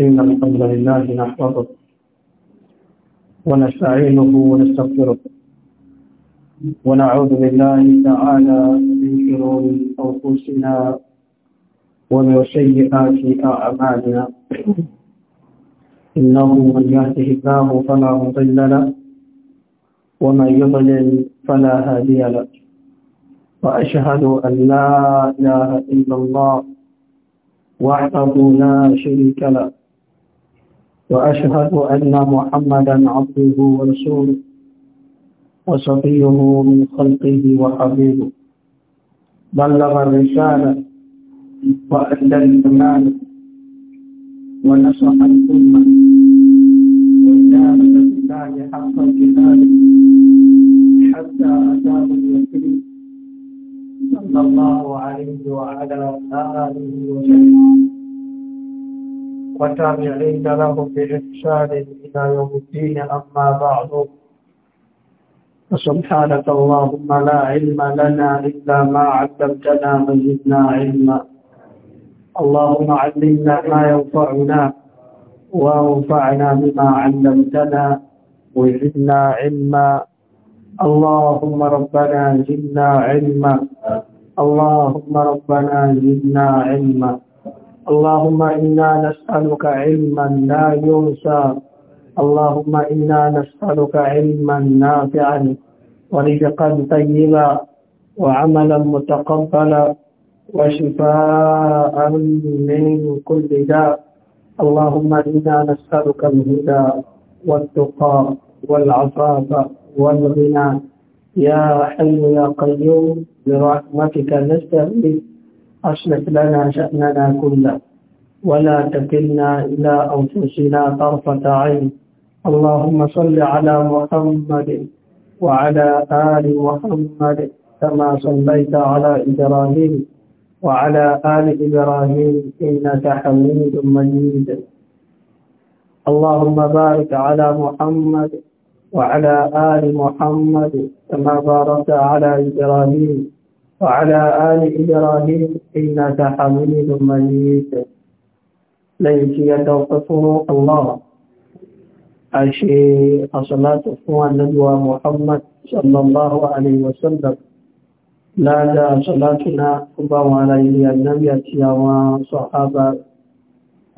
إن الحمد لله نحفظه ونستعينه ونستغفره ونعوذ بالله تعالى من شرور أنفسنا ومن سيئات أعمالنا إنه من يهده الله فلا مضل له ومن يضلل فلا هادي له وأشهد أن لا إله إلا الله وحده لا شريك له وأشهد أن محمدا عبده ورسوله وصفيه من خلقه وحبيبه بلغ الرسالة وأدى الأمانة ونصح الأمة وجاهد بالله حق جهاده حتى أتاه اليقين صلى الله عليه وعلى آله وسلم وتابعين لهم بإحسان إلى يوم الدين أما بعد فسبحانك اللهم لا علم لنا إلا ما علمتنا فزدنا علما اللهم علمنا ما ينفعنا وانفعنا بما علمتنا وزدنا علما اللهم ربنا زدنا علما اللهم ربنا زدنا علما اللهم إنا نسألك علما لا ينسى اللهم إنا نسألك علما نافعا ورزقا طيبا وعملا متقبلا وشفاء من كل داء اللهم إنا نسألك الهدى والتقى والعفاف والغنى يا حي يا قيوم برحمتك نستغيث أصلح لنا شأننا كله ولا تكلنا إلى أنفسنا طرفة عين اللهم صل على محمد وعلى آل محمد كما صليت على إبراهيم وعلى آل إبراهيم إنك حميد مجيد اللهم بارك على محمد وعلى آل محمد كما باركت على إبراهيم وعلى آل إبراهيم إنك حميد مجيد ليكية وقفه الله أشي صلاة أخوة ندوى محمد صلى الله عليه وسلم لا دا صلاتنا أبا وعلى النبي أتيا وصحابة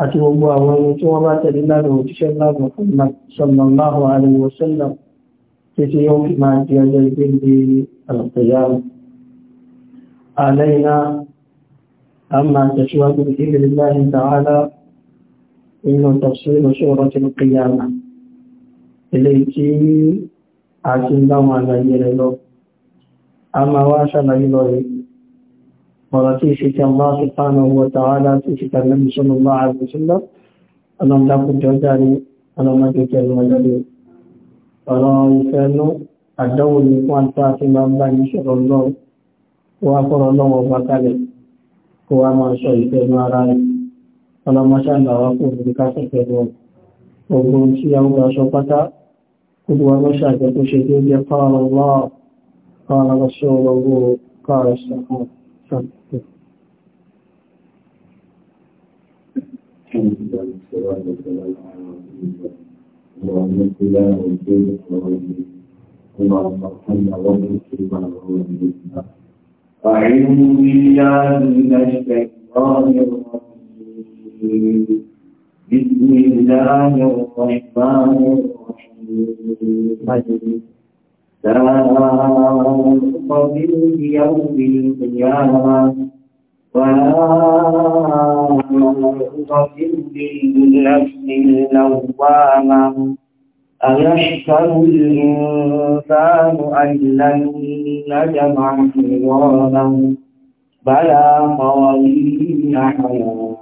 أتوبوا ومتوبة لله وتشلى محمد صلى الله عليه وسلم في يوم ما جاء القيامة علينا أما تشوى بإذن الله تعالى إنه تفصيل سورة القيامة التي أعطيناه على يريد أما واشل إليه ورتيشك الله سبحانه وتعالى تيشك النبي صلى الله عليه وسلم ألم تكن جوداني ألم تكن وجدي فلا يفعل الدول يكون فاتما بني شر الله kó wá kọ́rọ̀ lọ́wọ́ bá kalẹ̀ kó wá máa sọ ìfẹ́nu ara rẹ̀ ọlọ́mọṣàgbà wá kó òbí lọ gbogbo tí a ń gba aṣọ pátá gbogbo wa ló ṣàjẹ́ tó ṣe tó jẹ́ kọ́ọ̀rọ̀ lọ́ọ̀ kọ́ọ̀rọ̀ lọ́sọ̀ lọ́wọ́ kọ́ọ̀rọ̀ sọ̀tẹ̀ sọ̀tẹ̀ اللهم صل على سيدنا محمد وعلى اله وصحبه وسلم أعوذ بالله من الشيطان الرجيم بسم الله الرحمن الرحيم لا أقسم بيوم القيامة ولا أقسم بالنفس اللوامة أيشكر الإنسان أن لن نجمع عظاما بلى قوانين حياة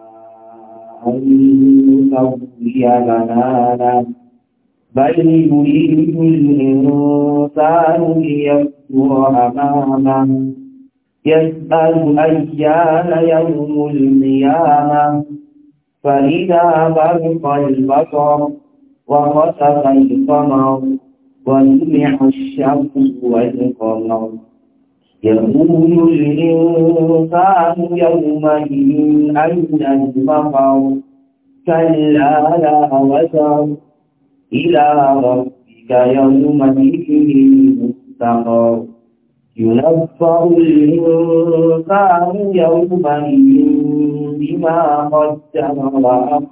نسوي بنانا بل يريد الإنسان ليكفر أماما يسأل أيان يوم القيامة فإذا برق البصر وخسف القمر وجمع الشمس والقمر يقول الإنسان يومئذ أين المفر كلا لا وزر إلى ربك يومئذ المستقر ينفع الإنسان يومئذ بما قدم وأخر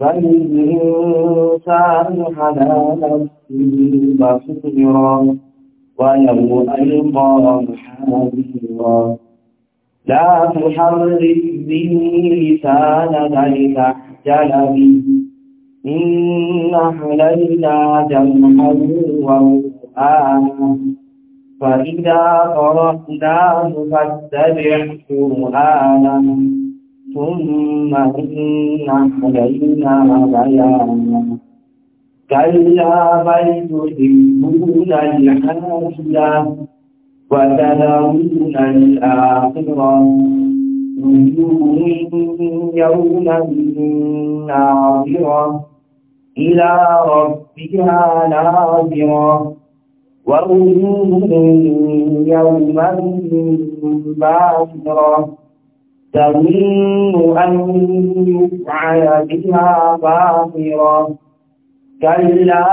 بل الإنسان على نفسه بصيرا ولو ألقى حذيرا لا تحرك به لسانك لتحجل به إن علينا جمعه وقرآنه فإذا قرأناه فاتبع قرآنه ثم إن علينا بيانا كلا بل تحبون الحاشية وتذرون الآخرة وجوه يومئذ ناظرة إلى ربها ناظرة ووجوه يومئذ باسرة تظن أن يفعل بها باطرة كلا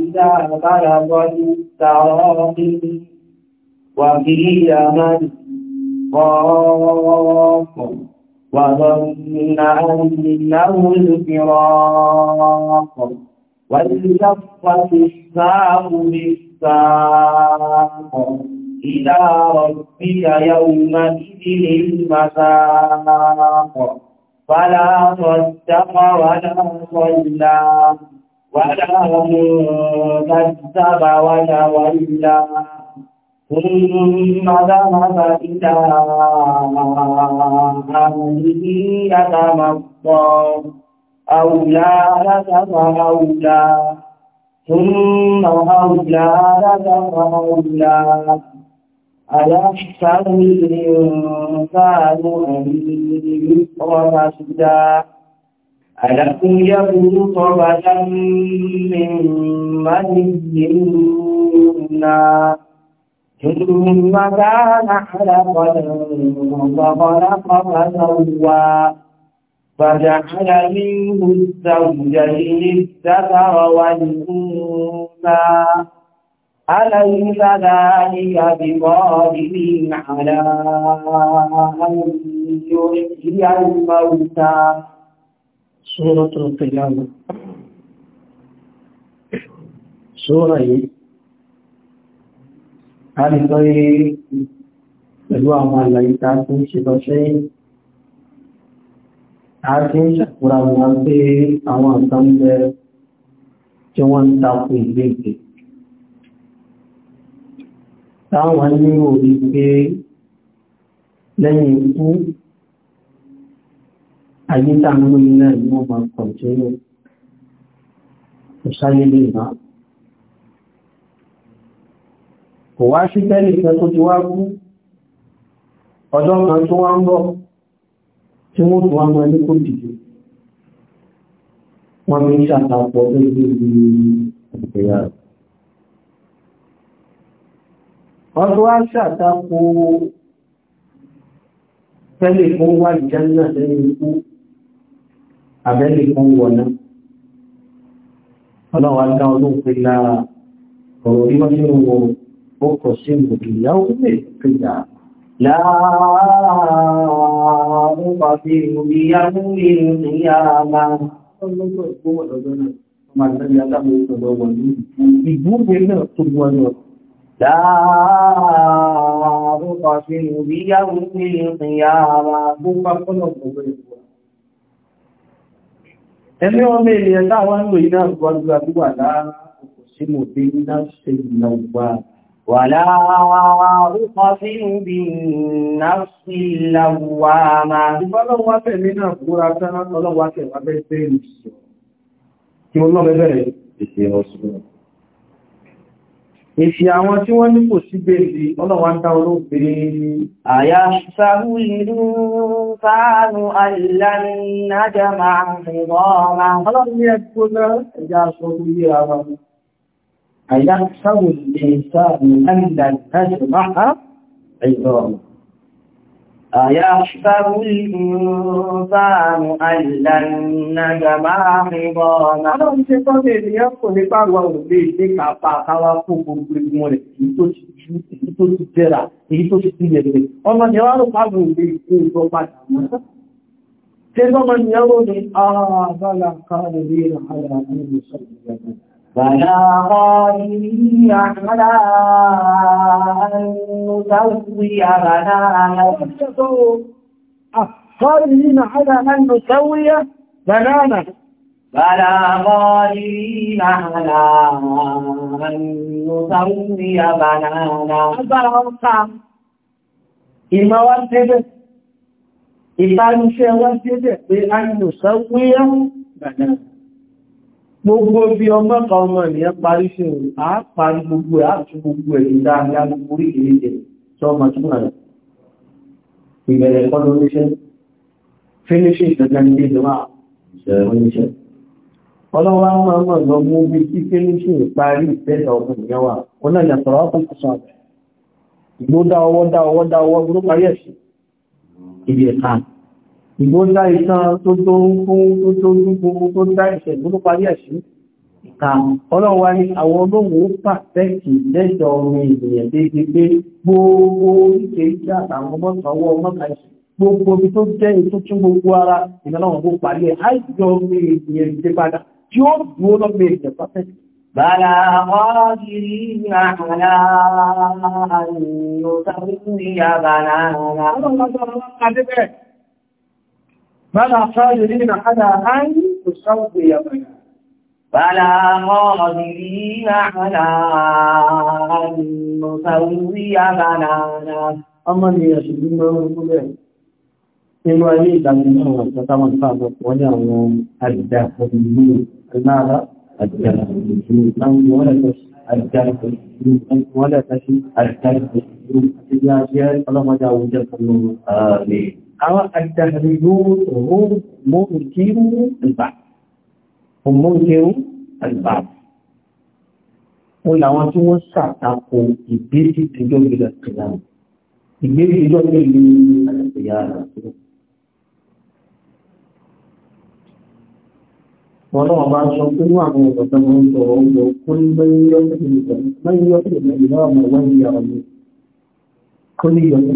إذا بلغت التراقي وقيل من خاف وظن أنه الفراق والتفت الساق بالساق إلى ربك يومئذ المساق فلا صدق ولا صلى ولا كذب وتولى ثم ذهب إلى أهله يتمطى أولى لك فأولى ثم أولى لك فأولى أيحسب الإنسان أن يترك سدى ألم يكن طبعا من مني يمنى ثم كان حلقا فخلق فسوى فجعل منه الزوجين الذكر والأنثى أليس ذلك بقادر على أن يحيي الموتى سورة القيامة سورة àrísọ́rí pẹ̀lú àwọn àlàyé ta tí ń ṣe lọ sẹ́yìn a ti ń ṣàkúra wọn pé àwọn àtàmúlẹ̀ tí wọ́n ń takò ìgbéǹkèé táwọn nírò wípé lẹ́yìn ikú àyíká lórí náà ni wọ́n máa kọ̀tẹ́rò ìsáyé lè má kò wá sí tẹ́lẹ̀ ìfẹ́ tó ti wá kú ọjọ́ kan tó wá ń bọ̀ tí wọ́n tó wá mọ́ ní kò dìde wọ́n fi ń ṣàtàpọ̀ lórí ìgbéyàwó wọ́n tó wá ṣàtàkù tẹ́lẹ̀ fún wà jẹ́nà lẹ́yìn ikú àbẹ́lẹ̀ fún wọ̀nà ọlọ́wà dá olóòpé lára ọ̀rọ̀ bí wọ́n sínú wọn ó kọ̀ sí ìgbòkè ìyàwó lè pèjà láàárùn pàtí ìgbòkè ìyàwó lè تعرفه بيوم القيامة فقل Ẹni ọmọ ènìyàn táwọn ń lò iná gbọ́dọ̀ àdúgbà láàá kò sí mò bí iná ṣe ìlà ògbà wà láàá rúkọ sí ibi iná sí ìlà ògbà máa. Ìfọ́lọ́wọ́fẹ́ mi náà kúra tánà ọlọ́wọ́fẹ́ wà bẹ́ẹ̀ bẹ́ẹ̀ Èsì àwọn tí wọ́n ní kò sí bèèrè ọlọ́wà ń dá olóògbèrè àyà sáhú ìlú fánú àìlànàjàmà ìrọ̀ọ̀mà. Ọlọ́run ní ẹgbó náà ẹja sọ orí ara. أيحسب الإنسان أن لن نجمع عظاما Ọlọ́run ṣe tọ́ lè ní ẹ́kùn nípa àwọn òbí ìdí kàpá àkáwà fún gbogbo ìgbìmọ̀ rẹ̀ èyí tó ti jú, èyí tó ti jẹ́ra, فلا غالي على أن نسوي بنانا قادرين على أن نسوي بنانا فلا قادرين على أن نسوي بنانا البرهوكا إما وردد إما نشي وردد بأن نسوي بنانا gbogbo bí ọmọ kan ọmọ ènìyàn parí sí òun a parí gbogbo ẹ̀ àti gbogbo ẹ̀ ìdá àgbà gbogbo orí ìrìnjẹ̀ tí ọmọ túnmọ̀ rẹ̀ ìbẹ̀rẹ̀ ẹ̀kọ́ ló níṣẹ́ fínísì ìtẹ̀kẹ́ ní ìjọba ìṣẹ̀rẹ̀ ọlọ́wọ́ àwọn ọmọ lọ mú bí kí fínísì ìparí ìtẹ́ta ọkùn ìyẹn wà ìgbóńdá ìtàn tó tó ń fún tó tó ń fún tó dá ìṣẹ̀lú ló parí ẹ̀ṣù ìka ọlọ́wà ní àwọn olóhùn pàtẹ́kì lẹ́jọ omi ìrìnlẹ̀ dédé pé gbogbo oríkè ìjẹ́ àtàwọn mọ́sànwọ́ mọ́kànṣì gbogbo omi tó jẹ́ ètò tún gbogbo ara ìrànlọ́wọ́ tó parí ẹ̀ àìjọ omi ìrìnlẹ̀ padà tàbí ní àbàrà àrà. Ọlọ́run lọ́jọ́ فلا قادرين على أن تصوي بنا فلا قادرين على أن نسوي بنانا أما اللي يشدون رسوله إنه أريد أن تتمسك وجعل الدهريون لماذا؟ الدهريون ولا الدهريون ولا تشد الدهريون يا شيخ فلما جاءوا جلسوا آمين àwọn àtàrílú òun mú ìkírú ìbá ọmọ ìkírú ìbá wọ́n làwọn tí wọ́n sàtakò ìgbésí tìjọ́ ìgbésí tìjọ́ ìgbésí tìjọ́ ìlú àtàríyà wọ́n náà bá sọ pé ní àwọn ọ̀pọ̀ta wọn sọ̀rọ̀ ọgbọ̀ kún mẹ́yọ́ ìgbésí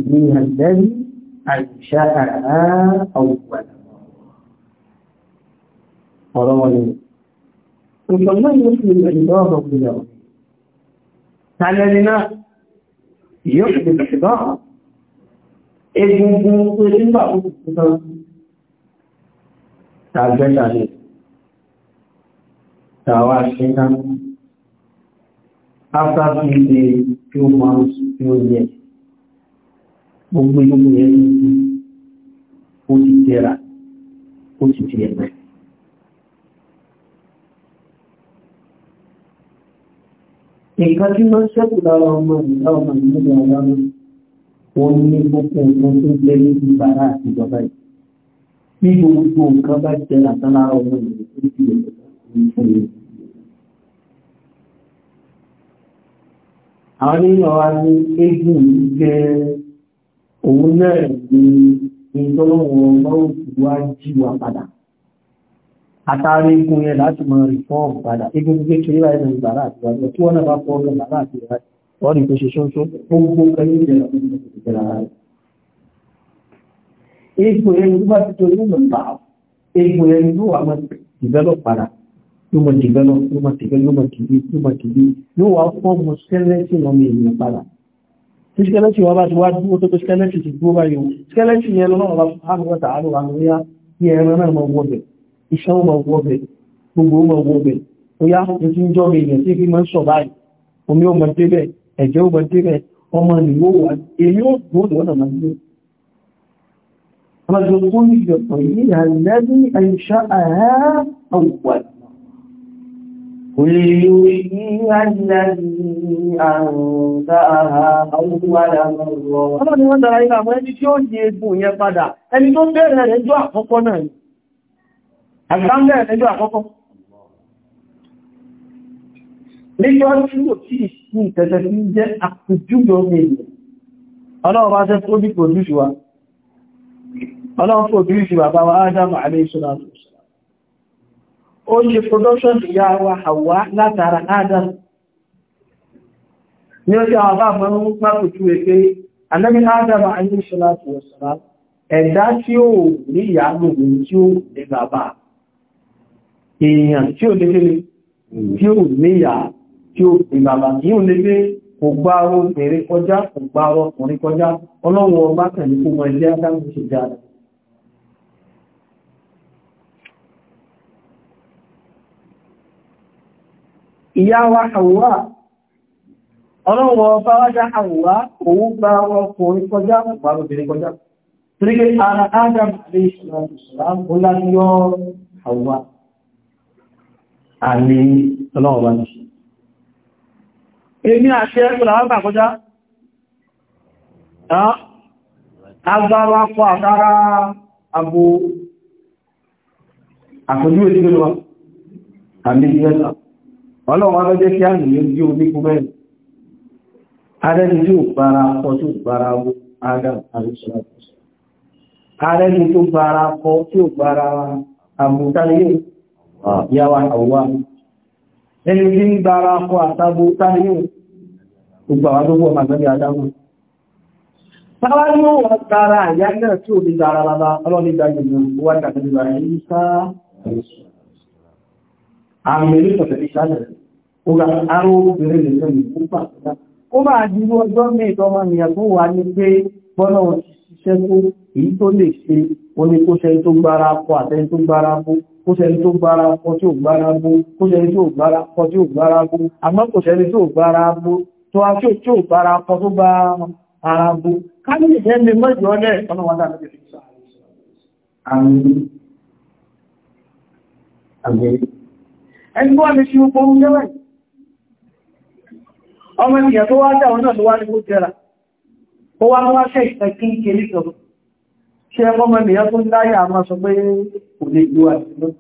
tìjọ́ أنشأها أولا ọ̀rọ̀wọ̀lẹ̀ ìṣọ̀lọ́ ìlúṣùn ìgbẹ̀lẹ̀ ọ̀rọ̀ ìlẹ̀ ọ̀rọ̀ tààlẹ̀ ni náà yóò fi ìgbẹ̀lẹ̀ ọ̀rọ̀ egungun tó lè nígbà òkùnkùn náà tààgbẹ́ tààlẹ̀ tàwà ṣe náà after few gbogbo yóò yẹ kó ti jẹra kó ti di ẹgbẹ́. nǹkan tí wọ́n ṣẹ́kù lára ọmọ ìlà ọmọ ìlú ọ̀la mi wọ́n ní gbogbo nǹkan tó jẹ́ níbi bàrà àti ìjọba yìí. bí gbogbo nǹkan bá jẹ́ làtàn lára ọmọ ìlú tó ti yẹ kó ti àwọn nínú wa ní eégún jẹ́ òun náà ní ìtọ́lọ́wọ́ báwòkú wá jíwà padà àtàrí igun yẹn láti máa rí fọ́ọ̀mù padà igun kékeré wáyé ní bàrá àti wájú tí wọ́n náà bá fọ́ ọdún bàrá àti wájú wọ́n rí tó ṣe ṣóńṣó gbogbo kẹyìn ìjẹ̀lá ìjẹ̀lá rẹ̀ egbò yẹn ló bá ti tó yóò lọ bá egbò yẹn ló wà máa develop padà yóò máa develop yóò máa develop yóò máa kìbí yóò máa kìbí yóò wá fọ́ọ̀mù sẹ́lẹ̀sì lọ́mọ ènìyàn padà tí skeleton wọ́n bá ti wá dúró tó tó skeleton ti dúró báyìí skeleton yẹn lọ́nà ọba hàn wọ́ta àrùn àmúyá kí ẹran náà mọ̀ wọ́bẹ̀ iṣẹ́ ó mọ̀ wọ́bẹ̀ gbogbo ó mọ̀ wọ́bẹ̀ ó yá tuntun jọ mi yẹn tí kí mọ́ sọ báyìí omi ó mọ̀ débẹ̀ ẹ̀jẹ̀ ọmọ nìyó wà èyí ó gbó lọ́nà máa ń gbé قل يريها الذي أنشأها أول مرة Ọlọ́run ni wọ́n dára ilé àwọn ẹni tí ó di egun yẹn padà, ẹni tó bẹ̀rẹ̀ rẹ̀ jọ àkọ́kọ́ náà ni. Àgbàm bẹ̀rẹ̀ rẹ̀ jọ àkọ́kọ́. Níjọ́ tí ó tí ìsìn ìtẹ̀tẹ̀ tí ń jẹ́ àpùjúgbọ́ mẹ́rin. Ọlọ́run bá jẹ́ tó bí pòdúṣù wa. Ọlọ́run pòdúṣù bàbá wa Ádámù Àlẹ́ Ìṣọ́lá ó production ìyá wa Hawa látara Adam ní ó jẹ́ àwọn bá mọ́ ń pàpùtù èké anábí Adam ayé ṣọ́láti ọ̀sọ̀rá ẹ̀dá tí ó ní ìyá lòun tí ó lè bàbá èèyàn tí ó lè tí ó ní ìyá tí ó lè bàbá yíò lè gbé kò gbá obìnrin kọjá kò gbá ọkùnrin kọjá ọlọ́run ọba kàn kó mọ ilé Adam ti dáadáa ìyá wa Hawwa ọlọ́wọ́ bá wá já Hawwa òun gba ọkùnrin kọjá pàpàá obìnrin kọjá torígé ara Adam aléṣìláàmùláyọ́ Hawwa àmì ọlọ́wọ́ bá ní èmi àṣẹ ìpòlàwọ́ bà kọjá agbára akọ àtàrà àbò àkójú ìdígbẹ̀lọ́wọ́ àmì ìgbẹ̀lọ́wọ́ ọlọ́wọ́ lọ́jẹ́ kí á nìyàn jí omi kú bẹ́ẹ̀ arẹni tí ó bára kọ tí ó bára wó adam àríṣọ́lápùs arẹni tó bára kọ tí ó bára àbútáyé yàwà àwọ́wà ẹni tí ń bára kọ àtàbútáyé gbogbo àwọn tó wọ́n màgbẹ́ adámù Sáwá ní ó wọ́n tààrà àyá náà tí ò ní dára lábá ọlọ́ni ìdájọ́ wọ́n tàbí ìgbà ẹ̀yí sáà àmì ìlú tọ̀tẹ̀ ìṣàlẹ̀ Ọgá arọ́ obìnrin lè lọ́nà púpà púpà. Ó máa di ní ọjọ́ mẹ́rin tó máa nìyàn tó wà ní pé bọ́nà ṣiṣẹ́ tó èyí tó lè ṣe oní kó ṣe tó gbára kọ àtẹni tó gbára kó kó ṣe tó gbára kọ tí ò gbára bó kó ṣe tó gbára kọ tí ò gbára bó àmọ́ kò ṣe tó gbára bó tó a tí ò gbára kọ tó bá ara bó ká ní ìṣẹ́ mi ọ̀nà wọ́n lè ọmọ ènìyàn tó wá dáwọn náà ló wá ní kó jẹ́ra ó wá wá ṣe ìfẹ́kí kéré sọ̀rọ̀ ṣe ọmọ ènìyàn tó ń láyé àmá sọ pé kò lè lo àìsílọ́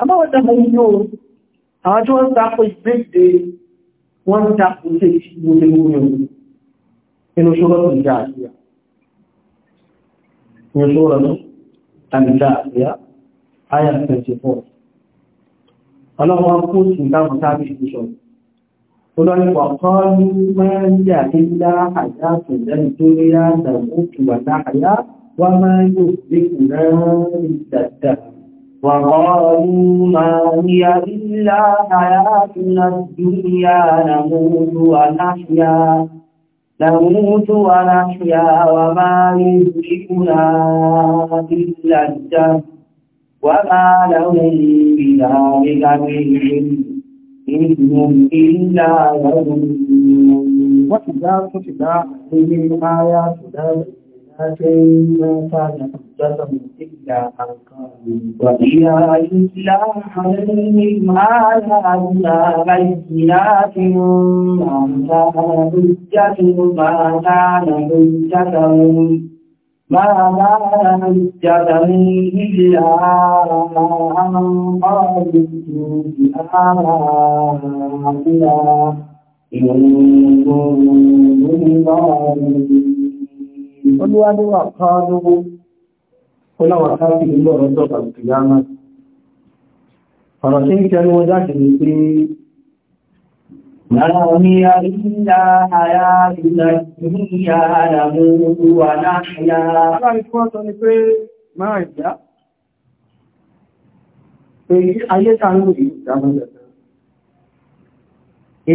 àbáwọ̀ta mọ̀ tí wọ́n tábí ìṣọ́rọ̀ قل وقالوا ما هي إلا حياتنا الدنيا نموت ونحيا وما يهلكنا إلا الدهر وقالوا ما هي إلا حياتنا الدنيا نموت ونحيا نموت ونحيا وما يهلكنا إلا الدهر وما لهم بذلك من علم إنهم إلا يظنون وإذا تتلى عليهم آياتنا بينات ما كان حجتهم إلا أن قالوا وإذا تتلى عليهم آياتنا بينات ما كان حجتهم ما كان حجتهم ما لا يتبعي إلا أن قالت بآلائنا Olúwádúwà kọ́lúwó, kọ́láwà káàkiri ìlú ọ̀rọ̀ tó kàrùkì yánà. Ọ̀rọ̀ tí ń kẹnu wọ́n jáde ní pé ما هي إلا حياتنا الدنيا نموت ونحيا máa ìyá pé ayé tààrù ìdámọ́lẹ̀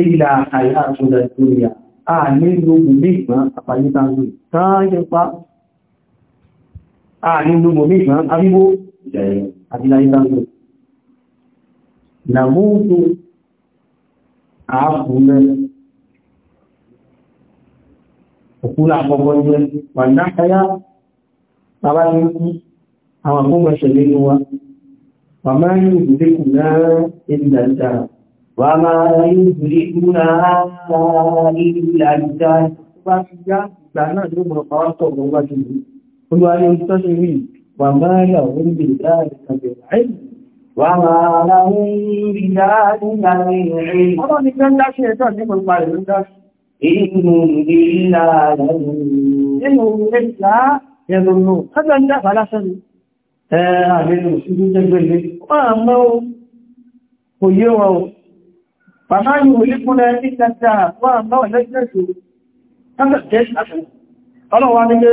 ìlà àyà àtúndà ìtòrìyà a ní lóògùn ní ìgbọ́n àpàyé tààrù tààyẹpa a ní lóògùn ní ìgbọ́n àríwó àbíláyé tààrù nàmúùtù àákù mẹ́ òkúlà àkọ́kọ́ jẹ́ wà ní àkáyá bàbá ní kú àwọn àkóbẹ̀ṣẹ̀ lẹ́nu wa wà máa ní ìdílékù náà ìdílàjá wà máa ní ìdílékù náà ìdílàjá bá ti já ìgbà náà ló mọ̀ pàwátọ̀ gbọ́gbájú olúwa ní orí tọ́ṣe rí wà máa rí وما لهم بذلك من علم الله نكن لا شيء ثاني من قال لك إنهم إلا إنهم إلا يظنون هذا أنت فلا سن أهل السجود البلد وأما ويوا فما يهلكنا إلا الدهر وأما ولا يجلسون هذا جيش أشهر ọlọ́wà ní pé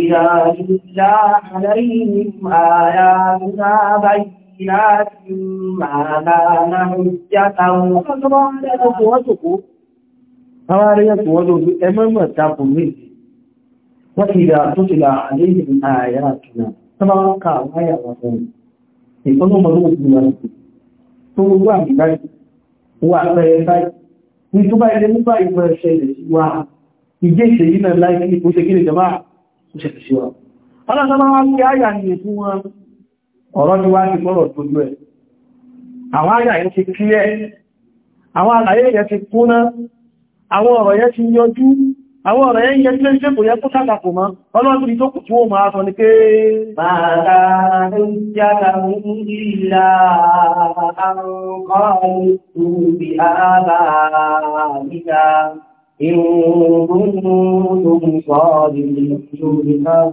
ìyá ìjá àlẹ́yìn àyà láti màlànà ìjátàwọn ọlọ́wà ní ọkọ̀ wọ́n tòkó àwọn arẹ́yẹ tó wọ́n lórí ẹmọ́mọ̀ tàbí méjì wọ́n ti rà tó ti rà àlẹ́yìn àyà tùnà tọ́lọ́kà wáyà wọ́n ìfọ́nàmọ́ ló ti rà tó gbogbo àmì báyìí wà pẹ̀lẹ́ báyìí ní tó bá ilé nígbà ìwọ̀ ẹ̀ṣẹ̀ ìrẹ̀síwá ìjẹ́ ìṣèyí náà láì ní ìpòṣe kí lè jẹ máa ó ṣe kìí wá. ọlọ́sọ́lọ́wọ́ kí áyà ní fún wọn ọ̀rọ̀ ni wá ti mọ́rọ̀ tójú ẹ̀ àwọn áyà yẹn ti kílẹ̀ àwọn àlàyé yẹn ti kúnná àwọn ọ̀rọ̀ yẹn ti yọjú àwọn ọ̀rọ̀ yẹn yẹn tilé ṣe kò yẹ kó sàkàkò mọ́ ọlọ́dún tó kù tí ó máa sọ ni pé bàtà ló yára mú ìlà àwọn ọ̀rọ̀ ìtòbí àbáà إن كنتم صادقين ما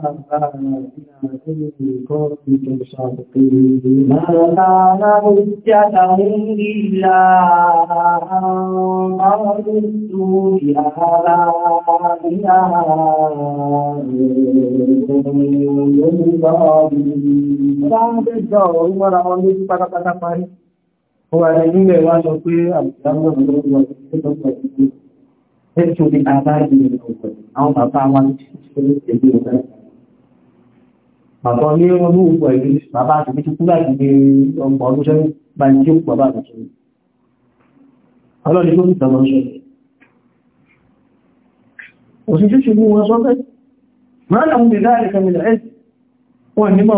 كنتم صادقين ما كان حجتهم إلا أن قالوا بآبائنا كنتم صادقين بعد الدار عمر أولي فقط أنا فارس هو أنا إلي وأنا أقول أبدا الله Ètò ni àbá ìlú ọ̀pọ̀ àwọn bàbá wa ní ìlú ọ̀pọ̀. Bàbá ní olú ọ̀pọ̀ ìlú bàbá àti méjì kúrò àgbègbè ọgbọ̀n ọdún sẹ́yìn bá ní jókòó bàbá àti sọ́yìn. Ọlọ́ni tó ní ìtàmọ́ sọ́yìn. Òsì tó ṣe mú wọn sọ́fẹ́. Máa làwọn bèèrè láàrin kan nílẹ̀ ẹ̀ wọ́n ní mọ̀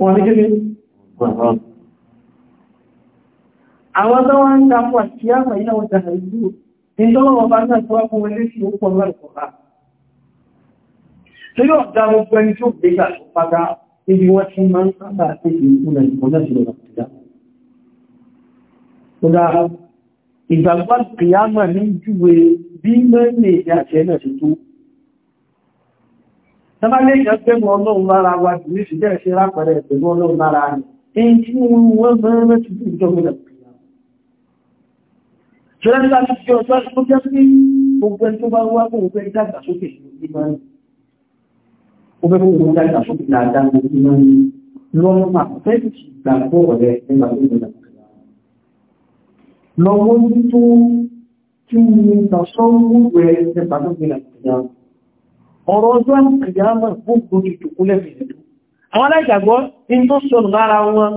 wọ́n ní kéde. Àwọn tó wá ń tapọ̀ àti àmà ìlàwọ̀ tàbí ìjọlọ́wọ́ bá náà tó wákún ilé sí ó pọ̀ lọ́rùkọ̀lá tó yóò dá gbogbo ẹni tó gbé gbà tó padà níbi wọ́n tí máa ń sábà àti ìpínlẹ̀ ìkọjá sí lọ́nà ìjá kódà ìgbàgbà kìyàmà ní júwe bí mẹ́rin èdè àti ẹ̀nà ti tó tọ́bálé ìjọgbẹ́mù ọlọ́run lára wa jù ní ṣìjẹ́ ìṣẹ́ lápẹẹrẹ ìpẹ̀lú ọlọ́run lára rẹ̀ èyí tí wọ́n mẹ́rin mẹ́rin ṣọ́rẹ́ nígbà tí ó jọ ṣọ́ jẹ́ sí gbogbo ẹni tó bá wá kó gbogbo ẹni dàgbàsókè ìmọ̀ni gbogbo ẹni gbogbo dàgbàsókè dáadáa gbogbo ìmọ̀ni lọ́wọ́ máa fẹ́ẹ̀kì gbàgbọ́ rẹ̀ nígbà tó gbogbo lọ́wọ́ tó tí mo ta sọ́wọ́ rẹ̀ nígbà tó gbogbo ọ̀rọ̀ ọjọ́ ìyámà gbogbo ìtòkúnlẹ̀ ìrìnàjò àwọn aláìgbàgbọ́ in tó sọ̀rọ̀ lára wọn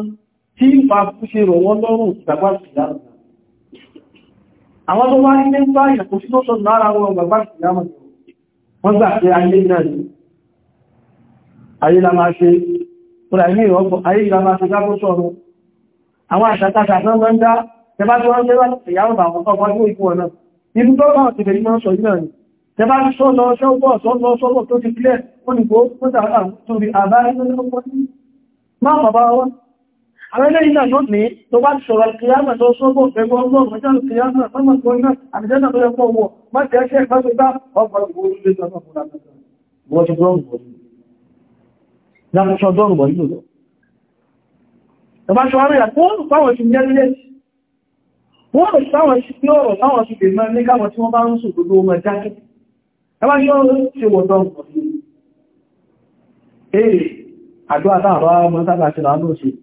tí ìfà fúṣe rọ̀ wọ́n lọ́rùn ìgbàgbà ìyámà àwọn tó wá ní ní bá ìyàkó sí tó sọ lára wọn bàbá ìyàmà wọ́n gbà pé ayé náà ni ayé la máa ṣe ọ̀rọ̀ ilé ìwọ̀pọ̀ ayé la máa ṣe dákó sọ̀rọ̀ àwọn àṣàkáṣà náà máa ń dá tẹbá tí wọ́n lẹ́wà ìyàwó àwọn ọkọ̀ ọjọ́ ìpò ọ̀nà ibi tó máa ti bẹ̀rẹ̀ máa sọ ìlú rẹ̀ tẹbá tí sọ lọ ṣọ́gbọ́ sọ́lọ sọ́lọ tó ti kílẹ̀ ó nìkó ó tàbí àbá inú lọ́pọ̀ àwọn ilé ìlà ní tó bá ṣọ̀rọ̀ kìyàmà tó ṣọ́bọ̀ pẹ̀lú ọgbọ̀n mọ́jọ́lù kìyàmà sọ́mọ̀ tó iná àdìjẹ́nà tó yẹpọ̀ wọ̀ mọ́jẹ́ ẹṣẹ́ ìfẹ́sọ́gbá ọgbọ̀rọ̀gbọ̀ orílẹ̀-èdè ọmọ Èèrè, àjọ́ àtàrà ọmọ sábà ṣe ránú òṣèlú.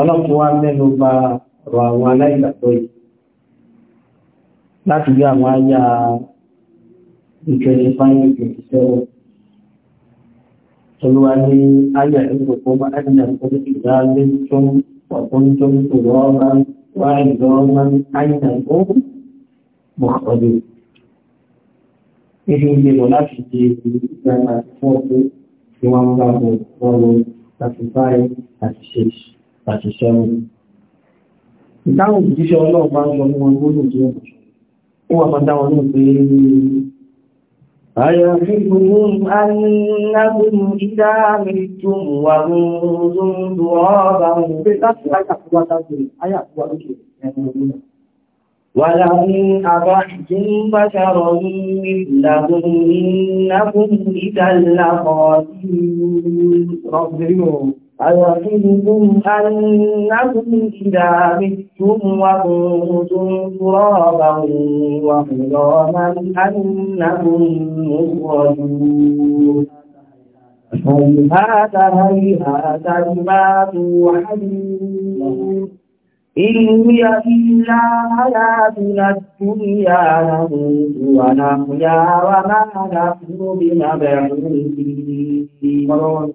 ọlọ́pọ̀ mẹ́nu bá ọ̀rọ̀ àwọn aláìgbàgbọ́ yìí láti bí àwọn ayá ìkẹrin fáyé ìgbẹ̀rẹ̀ sẹ́wọ̀n olúwa ní ayà ìgbòkó bá ẹ̀dà ìgbòkó ìdáálé tó ń pọ̀kún tó ń tòrọ ọba wá ìgbọ́ ọba ayà ìgbòkó mọ̀kọ̀dé ìdí ìdí lọ láti 37. Ìdáhùn òjíṣẹ́ ọlọ́run bá ń lọ mú wọn lórí òjò. Ó wà máa dá wọn náà pé أيحبهم أنهم إذا ميتم وهم ترابا ولئن أبحتم بشرا مثلهم إنكم إذا لخاسرون أيحدكم أنكم إذا متم وكنتم ترابا وعظاما أنكم مخرجون هيهات هيهات لما توعدون إن هي إلا حياتنا الدنيا نموت ونحيا وما نحن بمبعوثين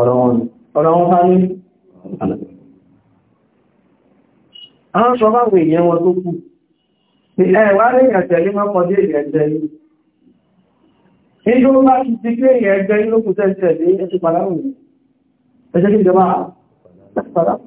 ọ̀rọ̀ wọn ọ̀rọ̀ wọn fáyé àwọn sọ bá wèé yẹn wọn tó kù ẹ̀wà rẹ̀ ìrẹ̀tẹ̀lé má kọjé ìrẹ̀tẹ̀lé nígbó bá ti ti gbé ìrẹ̀tẹ̀ lókù tẹ́tẹ̀lé ẹ̀tù pàdáwò ẹ̀ṣẹ́ kí ìjọba pàdáwò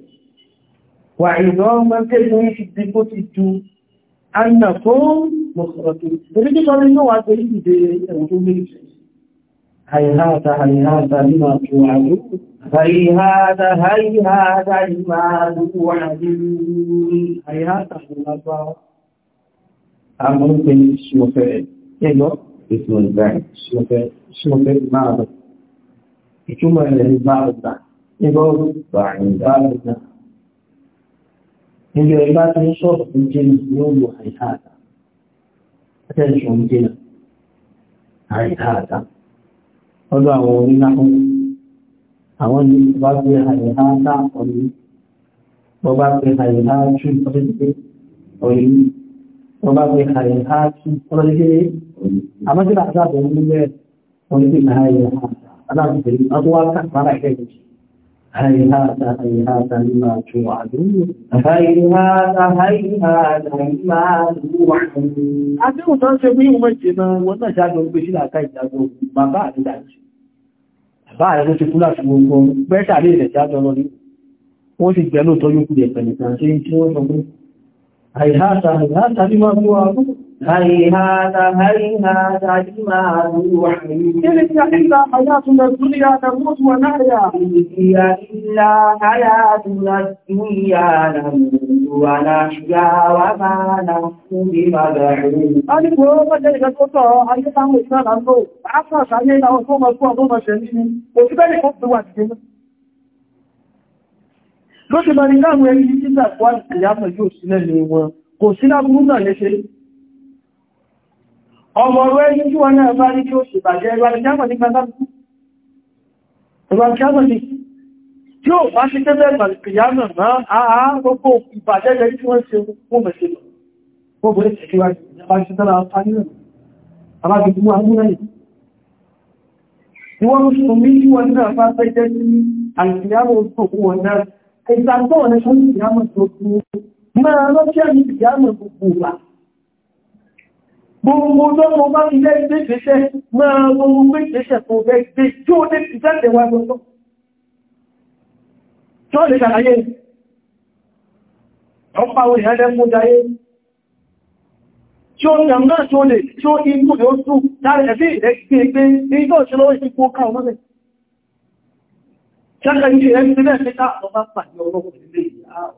wà ìlọ́ ọmọ kéèkéé ti di bó ti ju anà fún mọ̀sọ̀rọ̀kì torí kíkọ́ ní yóò wá pé ìdè ẹ̀rùn tó méjì àìháta àìháta nínú àjò àlú àìháta àìháta ìmá àlúwò àìháta ìlágbáwá àmọ́ pé ṣíọ̀fẹ́ ẹ̀yọ́ ètò ìgbà ṣíọ̀fẹ́ máa lọ ìtumọ̀ ẹ̀rẹ̀ bá ọ̀dá ẹgbọ́ bàrìn bá ọ̀dá níbi ọ̀rẹ́ bá ti ń sọ̀rọ̀ tó jìnà yóò lo àìkáàtà attention jìnà àìkáàtà ọdọ̀ àwọn onínáwó àwọn ní bá fi àìkáàtà ọ̀rí wọ́n bá fi àìkáàtù ọ̀rẹ́dẹ́gbẹ́ ọ̀rí wọ́n bá fi àìkáàtù ọ̀rẹ́dẹ́gbẹ́ ọ̀rí àmọ́sílẹ̀ àti àbẹ̀wò nílẹ̀ ọ̀rẹ́dẹ́gbẹ́ àìkáàtà هيهات هيهات لما توعدون هيهات هيهات لما توعدون àdéhùn tó ń ṣe bí ìwọ̀n ìjìnà wọn náà ṣáàjọ gbé sílá ká ìjàgbò bàbá àdídájì bàbá rẹ̀ ló ti kú láti gbogbo bẹ́ẹ̀ṣà lè rẹ̀ jájọ lọ ní wọ́n sì gbẹ̀lú tó yóò kúrẹ̀ pẹ̀lú kan tí wọ́n sọ pé هيهات هيهات لما توحي تلك إلا حياتنا الدنيا نموت ونحيا هي إلا حياتنا الدنيا نموت ونحيا وما نحن بمبعوث ألف وقد لك القطع أي تعمل إسان أنه عفاش علينا وصوم القوة ضم شريم وكذلك قد واتهم Lọ́ṣùgbọ́n ni láwọn ẹni títà wà ìyàmọ̀ yóò sílẹ̀ ní wọn, kò sí lábúrú náà léṣe ọmọ rẹ̀ ní kí wọ́n náà bá ní kí ó ṣe bàjẹ́ ìwà ìjápọ̀ ní pàtàkì ìwà ìjápọ̀ ní tí ó bá ṣe tẹ́lẹ̀ ìgbàlùkìyàmọ̀ náà àá gbogbo ìbàjẹ́ jẹ́ tí wọ́n ṣe ó mẹ́sẹ̀ lọ gbogbo ìṣẹ́kíwájú ìjọba ìṣẹ́tọ́lá àpáyẹ̀ àbájúgbú agbúnáyì ìwọ́n mú mí kí wọ́n náà bá fẹ́ jẹ́ sí àìsìyàmọ̀ tó kú wọn náà ìgbàgbọ́ ọ̀nà ṣọ́nà ìyàmọ̀ tó kú máa lọ́kẹ́ àmì ìyàmọ̀ gbogbo wa gbogbo lọ́pọ̀ bá ilẹ̀ ìgbésẹ̀ máa gbogbo gbésẹ̀ tó bẹ́ gbé tí ó lè ti jáde wá gbogbo tí ó lè ṣàlàyé ọpa orí ẹ̀rẹ́ mú jayé tí ó yàn náà tí ó lè tí ó inú rẹ̀ ó tún láàrẹ̀ ẹ̀fẹ́ ìrẹ́gbẹ̀ẹ́gbẹ́ ní ìjọ́ ìṣẹ́lọ́ ìṣẹ́kọ́ ká ọmọ rẹ̀ ṣẹ́kẹ̀ẹ́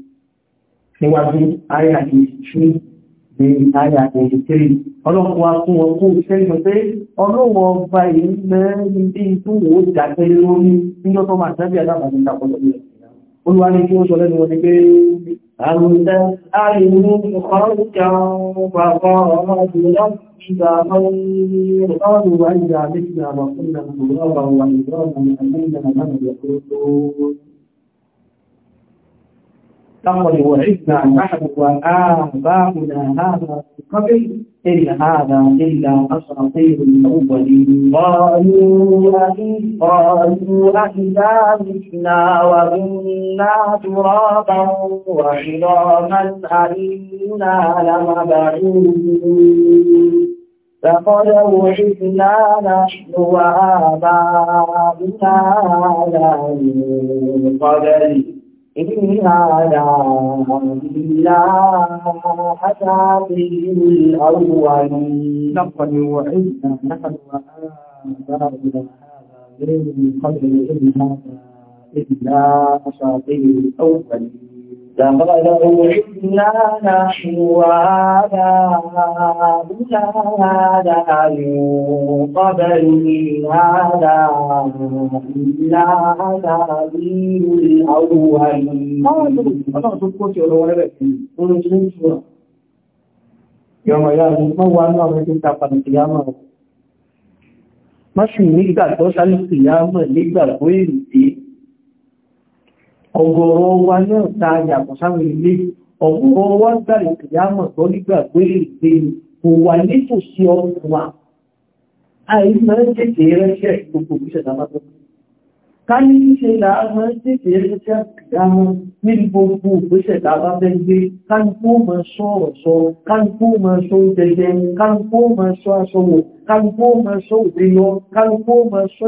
níwájú àyà ìṣú ní àyà ìṣẹ́rì ọlọ́pọ̀ akún ọkú sẹ́yìn pé ọlọ́wọ́ ọba yìí mẹ́rin bí tó wò dàgbé lórí níjọ́ tó máa tẹ́bí alábàájú ìdàpọ̀lọ́ Olúwa ní kí ó sọ lẹ́nu wọn pé àrùntẹ́ àìmú ọ̀rọ̀kẹ́ ọ̀pàpọ̀ ọmọ ìlọ́ ìgbà ọlọ́rùn wáyé àdékìlà àwọn fún ìdàmọ̀ ọlọ́rùn wáyé ọlọ́rùn àmì ìdàmọ̀ لقد وعدنا نحن وآباؤنا هذا من قبل إن هذا إلا أساطير الأولين قالوا قالوا أئذا متنا وكنا ترابا وعظاما أئنا لمبعوثون لقد وعدنا نحن وآباؤنا هذا من قبل إن هذا إلا أساطير الأولين لقد وعدنا نحن وآباؤنا هذا من قبل إن هذا إلا أساطير الأولين لقد وجدنا نحن وآباؤنا لا من قبل هذا tó tapà ní ọ̀gọ̀rọ̀ wa náà ta yàtọ̀ sáwọn ilé ọ̀gọ̀rọ̀ wa gbà ìkìyàmọ̀ tó nígbà pé èdè kò wà nítòsí ọkùn wa àìmọ̀ tètè rẹ́ṣẹ́ gbogbo ìṣẹ́ tàbátọ́ ká ní ṣe láàmọ́ tètè rẹ́ṣẹ́ ìdámọ́ níbi gbogbo ìgbésẹ̀ tàbátẹ́ gbé káńkó mọ́ sọ sọ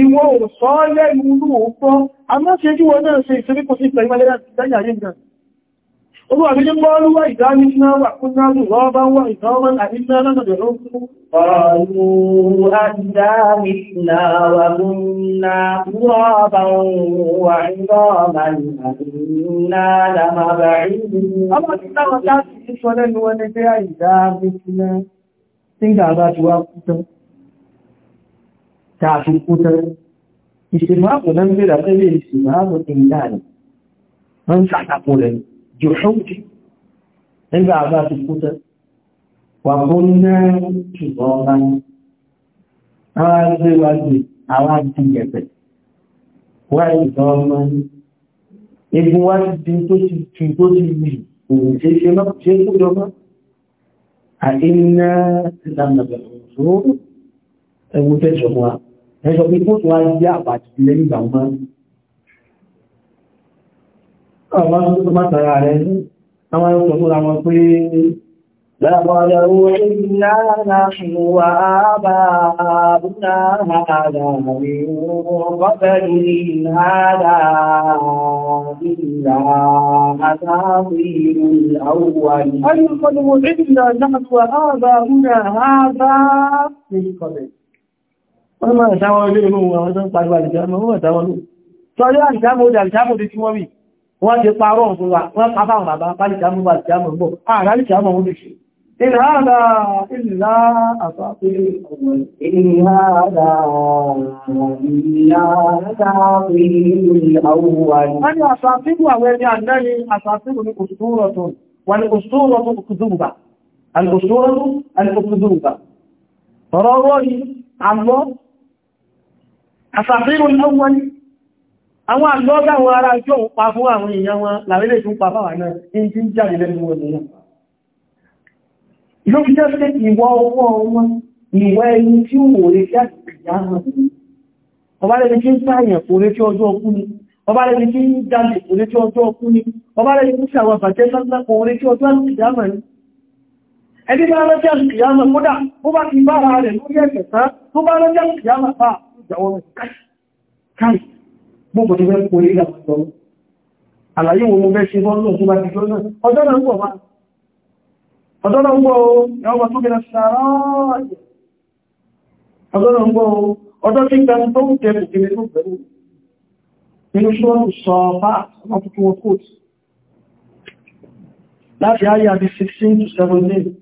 ìwọ òsọ́ lẹ́nu inú òpọ́ amáṣẹ́jú wọn náà ṣe ìṣẹ́rí kò sí ìpẹ̀ ìmọ̀lẹ́dá dáyà yìí gan olúwà bí ní bọ́ọ̀lúwà ìdáníṣná wà kún náà rọ́ọ̀bá wà ìdáwọ́n àdínná lọ́nà dẹ̀ lọ́kún قالوا أئذا متنا وكنا ترابا وعظاما أئنا لمبعوثون أما أنت kafin kutar istimamu nan bira ta zai istimamu inda ne an saka kolin juhauti inda a za su kutar wa kunna tuzoban a zai waje a wajen yafe wa izoban ibi wajen tó ti ṣe ṣe mọ́ ṣe kú jọba a iná ìlànà bẹ̀rẹ̀ òṣòro ẹwú tẹ́jọba ẹjọ́ pé kó tó wá jẹ́ àbàtì lẹ́yìn ìgbà wọn àwọn ọmọ tó tara rẹ̀ àwọn ọmọ tó wọn pé لَقَدْ وَجِدْنَا نَحْنُ وَآبَاؤُنَا هَذَا مِن قَبْلُ إِنْ هَذَا إِلَّا أَسَاطِيرُ الْأَوَّلِينَ لَقَدْ وَجِدْنَا نَحْنُ وَآبَاؤُنَا هَذَا مِن قَبْلُ wọ́n máa sáwọn ilé inú àwọn tó ń pariwo àlìjáàmù wọ́n sáwọn ló sọ́rí àlìjáàmù òdì àlìjáàmù òdì tí wọ́n wì wọ́n ti parọ́ fún wa wọ́n pa fáwọn bàbá pálìjáàmù àlìjáàmù bọ̀ àrálìjáàmù òdì sí إن هذا إلا أساطير إن هذا إلا أساطير الأول أنا أساطير وأولي أنني أساطير أسطورة والأسطورة أكذوبة الأسطورة الأكذوبة فرأوا عمو àsàfihàn ìlọ́wọ́ ní àwọn àlọ́gbà àwọn ará ìjọ ń pa fún àwọn èèyàn wọn làrílẹ̀ ìtún pa fáwà náà in tí ń jáde lẹ́nu wọn nìyàn yóò fi jẹ́ sí ìwọ ọwọ́ wọn ìwọ ẹni tí ó wò lè jáde ìyá wọn ọba lẹ́ni tí ń sáyẹ̀ kò lè tí ọjọ́ ọkú ni ọba lẹ́ni tí ń jáde kò lè tí ọjọ́ ọkú ni ọba lẹ́ni tí àwọn àbàjẹ́ sọ́nà kò lè tí ọjọ́ ìyámọ̀ ni ẹni bá lọ́jọ́ ìyámọ̀ kódà bó bá ti bára rẹ̀ lórí ẹ̀kẹ̀ta tó bá lọ́jọ́ ìyámọ̀ pàá ìjàwọ́ káì káì gbogbo ti fẹ́ kò ní ìgbà ọ̀rọ̀ àlàyé wọn mo fẹ́ ṣe bọ́ lọ́nà tó bá ti jọ náà ọjọ́ náà ń bọ̀ máa ọjọ́ náà ń bọ̀ o ẹwọ́n tó gẹ̀rẹ̀ sàárọ̀ ọjọ́ náà ń bọ̀ o ọjọ́ tí ń gbẹ̀rún tó ń jẹ́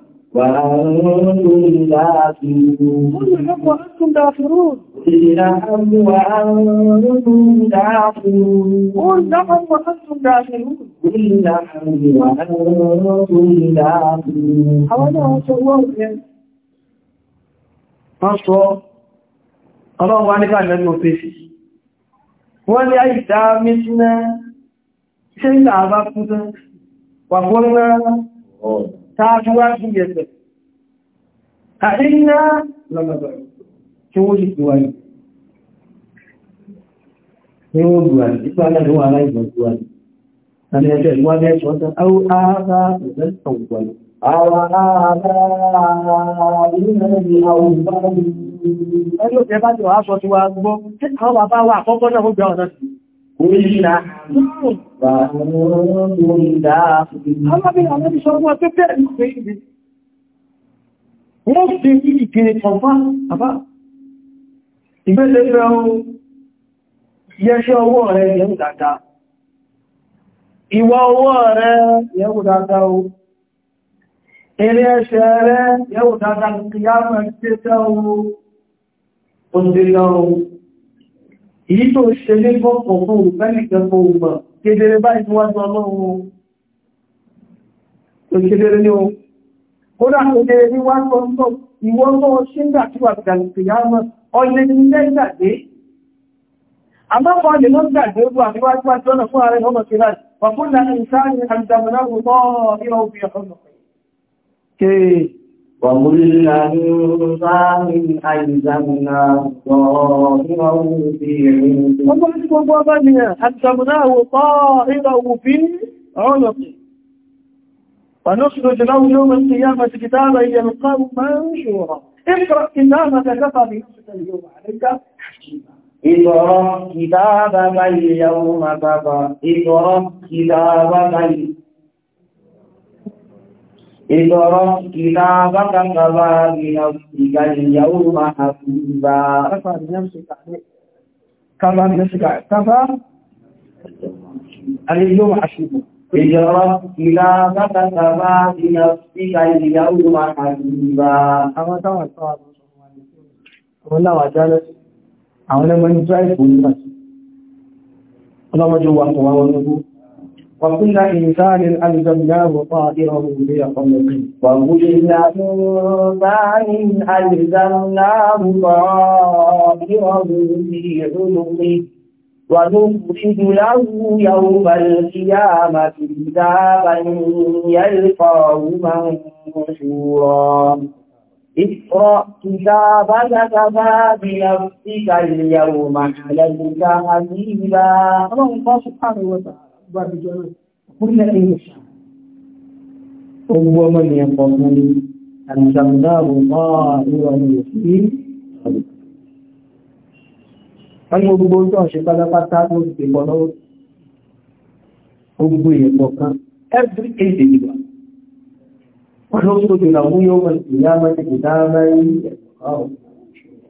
وأنتم دافرون قل نعم وأنتم دافرون قل نعم وأنتم دافرون قل نعم وأنتم دافرون حوالا وصوّرهم Aṣọ́ ọlọ́run wá nígbà lẹ́nu òfèsì. Wọ́n ní àìdá mítínà ṣe ń làbá fún tán, wà fún náà táàjúwájú yẹ̀sẹ̀ àìyá lọ́lọ́bẹ̀rẹ̀ tí wọ́n sì ti wáyé ní wọ́n buwáyé àti ẹjọ́ ìwádẹ́ ẹ̀ṣọ́ tán áwọ́ ààrá ìrẹ́sàn buwáyé àwọn ààrá ìrẹ́sàn buwáyé ẹlòpẹ́ bá ti wà á sọ ti Wọ́n fi ní ìkèrè ọ̀fá àbá. Ìgbẹ́lẹ̀ ìrẹ̀ ohun yẹṣẹ́ ọwọ́ rẹ̀ yẹ̀wò dáadáa. Ìwà ọwọ́ rẹ̀ yẹ̀wò dáadáa o. Eré ẹṣẹ́ rẹ̀ yẹ̀wò dáadáa kìí èyí tó ṣe lé gbọ́pọ̀ fún olùfẹ́nìkẹ́kọ́ ọgbà kedere báyìí tó wájú ọlọ́run tó kedere ní o kódà kedere ní wá sọ sọ ìwọ́n tó ṣe tí wà gbàlùkì yá mọ́ ọlẹ́ ومل من ألزمنا ظاهره في عنقه ألزمناه طائره في عنقه ونخرج له يوم القيامة كتابا يلقاه منشورا اقرأ كتابك كفى بنفسك اليوم عليك حكيما اقرأ كتابك اليوم كفى اقرأ كتابك اقرأ كتابك كفى بنفسك اليوم حسيبا كفى بنفسك كفى بنفسك كفى اليوم حسيبا اقرأ كتابك كفى بنفسك اليوم حسيبا أما تمام تمام والله وجالس أولا من يسعي فوق الناس اللهم جوا قوة ونبوه وكل إنسان ألزمناه طائره بيقنقه وكل إنسان ألزمناه طائره في عنقه ونخرج له يوم القيامة كتابا يلقاه منشورا اقرأ كتابك كفى بنفسك اليوم عليك حسيبا الله سبحانه وتعالى bá fi jọ náà kúrò lẹ́yìn ìṣà ogun ọmọ ènìyàn kọ̀ọ̀kan ni àjàmdáàrù máa ìwà ìwò sí wọ́n ní gbogbo ojú ọ̀ṣẹ́ pátápátá ló ti pè pọ̀ lọ́wọ́ gbogbo every eight days wọ́n ló tó jùlọ mú yóò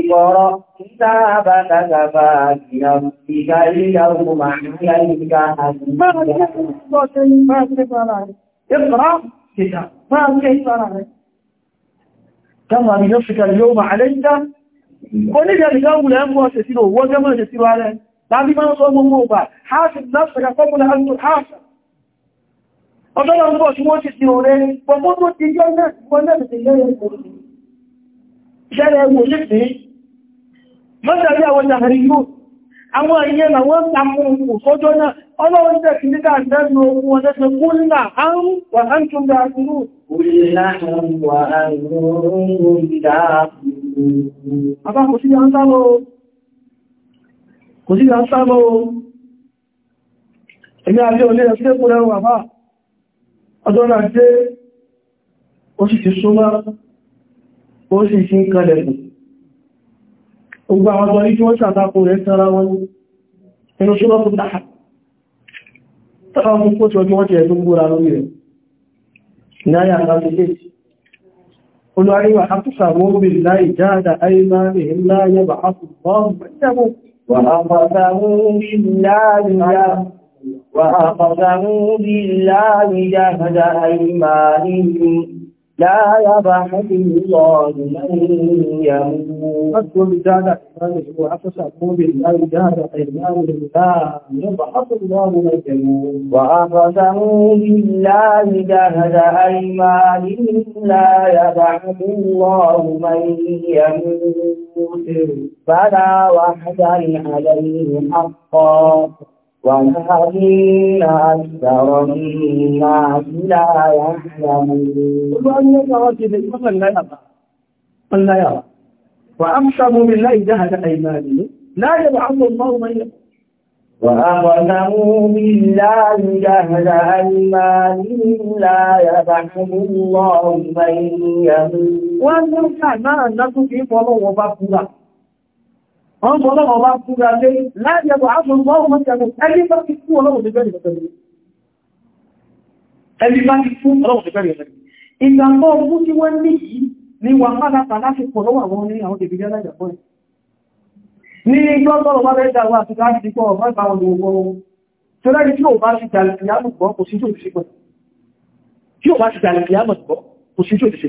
اقرأ كتابك كفى بنفسك اليوم عليك اقرأ كتاب ما كيف كما بنفسك اليوم عليك ولذلك أولا أموى تسيره وجمع تسيره عليه tàbí máa sọ gbogbo ọgbà haṣìd náà kọkùnlẹ̀ àtò haṣà ọjọ́ lọ́gbọ́ ṣe wọ́n ti sí orẹ́ pọ̀pọ̀ tó ti jẹ́ náà wọ́n náà ti jẹ́ ṣẹ́rẹ̀ ẹwò léṣe mọ́sàrí àwọn jàrí yóò àwọn ìyẹn làwọn sàmùn òfójọ́ náà ọlọ́run tẹ́ kì nígbà lẹ́nu ohun wọn lẹ́sẹ̀ kúnnà àrùn wà á ń tún bá kúrò kò sí ìyànsálọ́ ẹ̀mí àbí ó sì sí kalẹ̀kù ogbà àwọn ọjọ́ ìjọ́ ṣàtàkù rẹ̀ sára wọn inú ṣúlọ́pù náà tọ́wọ́ mú kó tí ọjọ́ wọ́n ti ẹ̀dùn gbóra lórí rẹ̀ náyà àtàkùnlẹ̀ olùwáríwà àtúsàwọ́ bí láì jáàdà àìmá rẹ̀ لا يبعث الله من يموت الله من وأقسموا بالله جهد أيمانهم لا الله من يموت فلا وحدا عليه حقا ولكن أكثر الناس لا يعلمون من لا يرى وأقسموا بالله جهد أيمانهم لا يبعث الله من يقول وأقسموا بالله جهد أيمانهم لا يبعث الله من يقول وأن ما نقول في الله وبقى wọ́n sọ lọ́wọ́ bá kúra lé láti ẹgbẹ̀ àṣùn lọ́wọ́ mọ́ ìyàgbẹ̀ ẹni bá ti kú ọlọ́wọ́ ti bẹ̀rẹ̀ ìfẹ́lẹ̀ ẹni bá ti kú ọlọ́wọ́ ti bẹ̀rẹ̀ ìfẹ́lẹ̀ ìgbàmọ́ ọdún tí wọ́n ní yìí ni wà pàdàpà láti pọ̀ lọ́wọ́ àwọn ní àwọn ìbílẹ̀ aláìjàpọ̀ ní ìgbọ́gbọ́rọ̀ bá lẹ́jà wà àti láti dípọ̀ ọ̀fẹ́ bá wọn lòó gbọ́rọ̀ tó lẹ́rí tí ó bá ti jà ìyàmù gbọ́ kò sí tó ti ṣe tí ó bá ti jà ìyàmù gbọ́ kò sí tó ti ṣe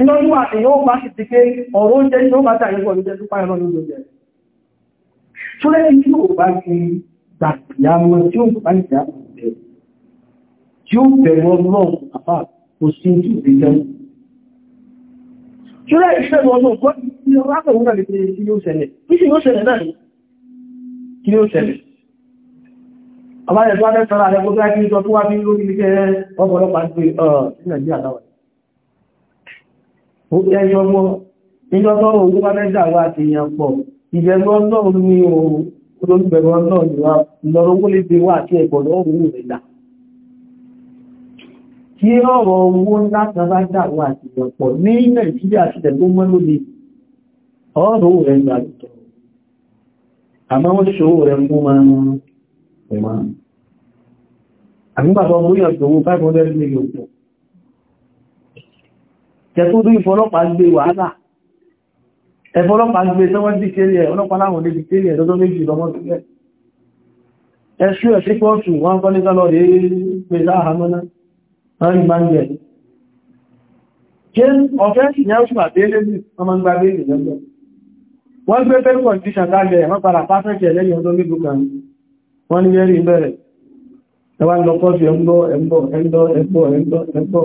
iná ní wà èyàn ó bá sì ti pé ọ̀rọ̀ oúnjẹ tí ó bá tàà yẹ́gbọ̀n oúnjẹ tó páyẹ̀ lọ́nà oúnjẹ tó lẹ́yìn tí ó bá ti gbàgbìyà wọn tí ó bá ti gbàgbìyà wọn tí ó bẹ̀rẹ̀ ọlọ́run àpá kò sí ojú ìgbé jẹun tó lẹ́yìn tí ó bẹ̀rẹ̀ ọlọ́run kọ́ ní ọlọ́run àpá òun náà lè pèrè kí yóò ṣẹlẹ̀ kí yóò ṣẹlẹ̀ náà kí yóò fẹ́ ó tẹ́yọ mọ́ níjọ́ tọ́rọ ogun bá mẹ́jà wá ti yàn pọ̀ ìbẹ̀rù ọlọ́run ní ohun olóògbẹ̀rù ọlọ́run lọ́rọ̀ owó lè fi wá àti ẹ̀kọ́ lọ́rùn rẹ̀ dà kí ọ̀rọ̀ owó ńlá kan bá jà wá àti yàn pọ̀ ní nàìjíríà ti tẹ̀ tó mọ́ lóde ọ̀rọ̀ rẹ̀ gbà lùtọ̀ àmọ́ wọ́n ṣòwò rẹ̀ fún ma ń pẹ̀mọ́ àmúgbàtọ̀ mú yàn tó 500 million pọ̀ kẹtúndú ìfọlọ́pàá gbé wàhálà ẹfọlọ́pàá gbé tọ́wọ́n dí kéré ẹ̀ ọlọ́pàá láwọn ní kéré ẹ̀ lọ́dọ́ méjì lọ́mọ́ tó gẹ́ ẹṣú ẹ̀ sí pọ́ọ̀tù wọ́n kọ́ ní kálọ̀ rèé pé láhàmọ́ná láàrin máa ń jẹ́ kí ọ̀fẹ́ ìyá oṣù àbẹ́lẹ́ ní ọmọ ń gba béèrè lọ́gbọ́ wọ́n gbé fẹ́ kọ̀ǹdíṣàn lágbẹ̀ wọ́n padà pàfẹ́kì ẹ̀ lẹ́yìn ọdún mélòó kan ẹwà lọ kọ́ọ̀tù ẹ̀ńgbọ́ ẹ̀ńgbọ́ ẹ̀ńgbọ́ ẹ̀ńgbọ́ ẹ̀ńgbọ́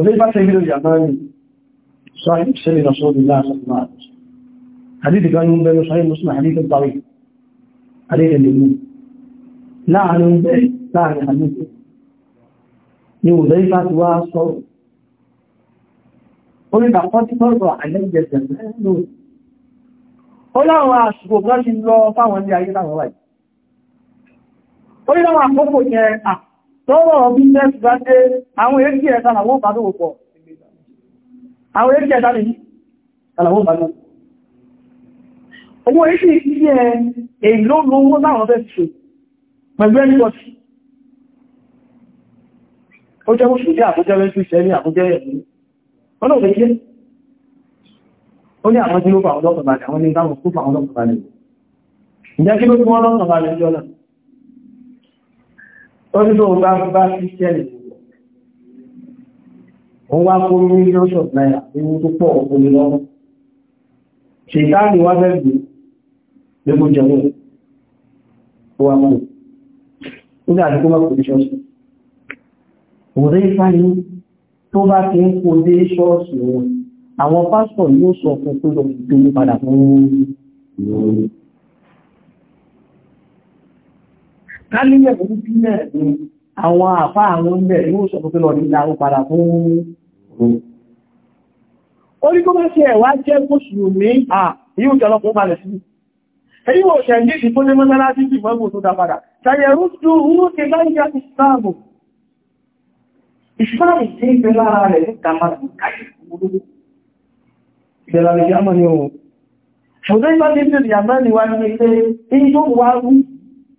حذيفة بن اليمان صاحب سر رسول الله صلى الله عليه وسلم حديث كان من بين صحيح مسلم حديث ضعيف حديث اليمين لا عن من لا عن حديث ni Hudayfa ti wá sọ́rọ̀. Oríkàkọ́ ti sọ́rọ̀ àìlẹ́gbẹ̀ẹ́sẹ̀ lẹ́nu. Ó láwọn àṣùgbò kan ti lọ fáwọn ilé ayé láwọn wáyé. Orí láwọn àkókò yẹn tọ́rọ̀ business bá dé àwọn erékì ẹ̀ta làwọn bá pọ̀ àwọn erékì ẹ̀ta lè ní àlàwọn bá lówó owó erékì ìṣẹ́ èlò lówó láwọn fẹ́ ṣe pẹ̀lú ẹni pọ̀sí ó jẹ́ oṣù jẹ́ àkójẹ́ Tọ́jú bá bá kírísítẹ́nì wọ́n wá kó mílíọ̀n ṣọ̀t náírà ewu tó pọ̀ omi lọ́wọ́. Ṣètáàlì wá bẹ́gbẹ̀ lẹ́gbọ́ jẹmọ́ ó wá mọ́. Ó dà àdúgbò máa kòrí ṣọ́ọ̀ṣì. Òré ìfáyé tó bá ti ń kó ṣọ́ọ̀ṣì wọn, àwọn pásítọ̀ yóò sọ fún pé lọ káníyẹ̀ fún bí náà ni àwọn àfá àwọn ọmọ ẹ̀ yóò sọ̀rọ̀ pẹ̀lọ ní ìlàrún padà fún orí kó bá ṣe ẹ̀wà jẹ́ mùsùlùmí à yíò jẹ́ ọlọ́pọ̀ balẹ̀ sí èyí wò ṣẹ̀ ní ìfún ní mọ́sánlá sí ti mọ́gbò tó dá padà ṣàyẹ̀rú tó rú ti láìjá ìsáàbò ìṣọ́rọ̀ ìdí ìgbẹ̀lá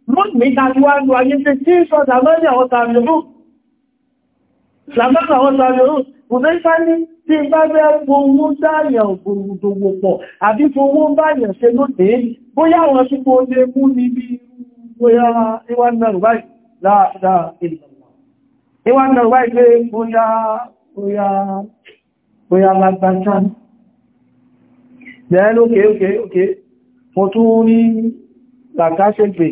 lónìí tàbíwájú ayé tẹ́ tí sọ́dà lọ́dí àwọn tàbílú làbọ́dà àwọn tàbílú ọ̀fẹ́fà ní tí bá bẹ́ fowó dáyà ògbòròdòwò pọ̀ àbí fowó báyà ṣe lónìí bóyá wọn sí kó lè mú níbi bóyá ìwọ̀n náà rúbáì láàá ìwọ̀n náà rúbáì pé bóyá bóyá bóyá lágbàtà Then, okay, okay, okay. Mo tún ní làkáṣẹ́gbè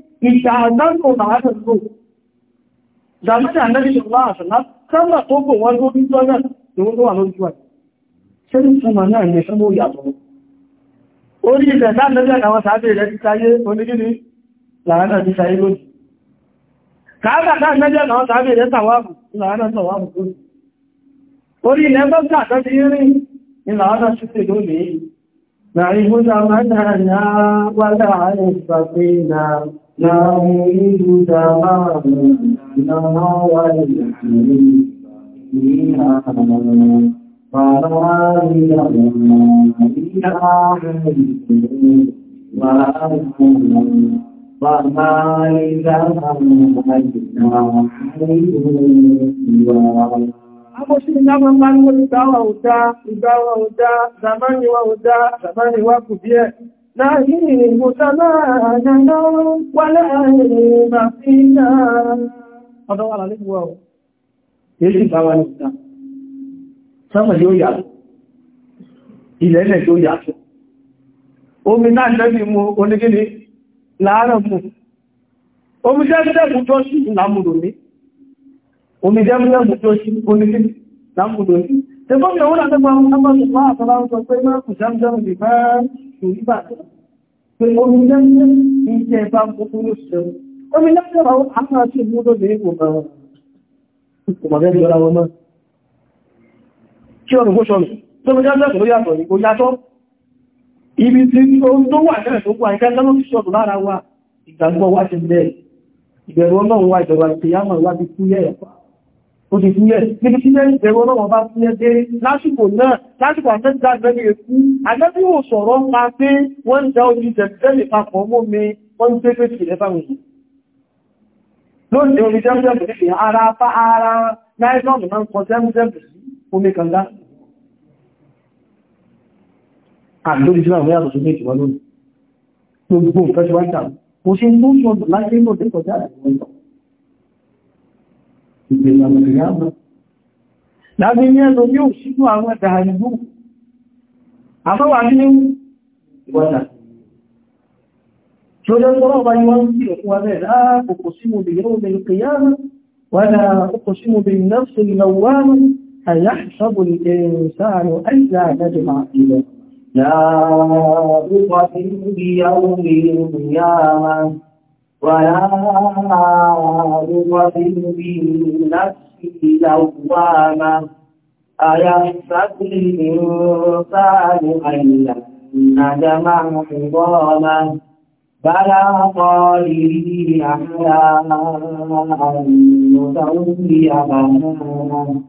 ìṣàdánù láàrín lò dàmídà annabi sallallahu alaihi wasallam sọ́nà tó kò wọ́n tó bí lọ́nà tí wọ́n tó wà ṣe ṣe orí ilẹ̀ láàrín àwọn sàábẹ̀ rẹ̀ ti sáyé onígíní làánà ti sáyé lónìí káàkà náà àwọn sàábẹ̀ rẹ̀ tàwàbù làánà tàwàbù lónìí orí ilẹ̀ gbọ́gbà ti rí ní làánà ṣúfẹ́ lónìí نريد تمامنا والحريم فيها فراغنا بها وأننا وما لهم أجنا حيث Amọ́ṣílẹ̀ lábá ń bá ní wọ́n ìgbáwà ọ̀dá, ìgbáwà ọ̀dá, zàmánìwà ọ̀dá, zàmánìwà kù díẹ̀. نهيب زماننا ولا عيب فينا ọ̀dọ́ wà lálẹ́ ìwọ̀ ọ̀ yìí sì bá wà ní ìta sọ́mọ̀ yóò yàtọ̀ ilẹ̀ ilẹ̀ yóò omi náà lẹ́bí mú onígíní láàárọ̀ mú omi jẹ́mìlẹ́mù tó sí lámùdò ní omi jẹ́mìlẹ́mù tó sí onígíní lámùdò ní ìbàdàn pé omi lẹ́mọ́ ní iṣẹ́ bá kúkúrú ṣe omi lẹ́mọ́ àwọn àti a lè wò bẹ̀rẹ̀ ìpòmọ̀lẹ́ ìjọra wọn mọ́ ibi wa òdì sílẹ̀ níbi sílẹ̀ ìbẹ̀rù ọlọ́wọ̀n bá sílẹ̀ dé lásìkò náà lásìkò àtẹ́jà ìgbẹ̀rẹ̀ èkú àjẹ́bíwò sọ̀rọ̀ ń pa pé wọ́n ń dá ojú tẹ̀sẹ̀lẹ̀ papọ̀ mọ́ mi wọ́n ń pépé tìrẹ fáwọn èèyàn lóòdì orí jẹ́mjẹ́mù sí ara pa ara náírọ̀nù máa ń kọ jẹ́mjẹ́mù sí omi kànga àlórí sílẹ̀ àwọn yàtọ̀ sókè ìtìwọ́ lónìí gbogbo nǹkan tí wọ́n ń tà mo ṣe ń tó ṣọ́dọ̀ láti ń bọ̀ dé kọjá àwọn ìtọ̀ ìgbèlà ìrìnàmà láti ní ẹnu ní òṣìṣú àwọn ẹ̀dà ìlú àmọ́wà ní ìwọ̀nà tí ó jẹ́ sọ́rọ̀ ọba yíwá ń sí ẹ̀kún abẹ́ láàkòkò sí mo bí yóò mẹ́lú kìyàmù wà láàkòkò sí mo bí nafsi lọ́wọ́rún àyàṣọ́bù ìrìnsáàrùn àìsà àdájọ́mà ìlọ ولا أغضب بنفسي لوامة أيحسب الإنسان أن لن نجمع عظامه بلى قادرين على أن نسوي بنانه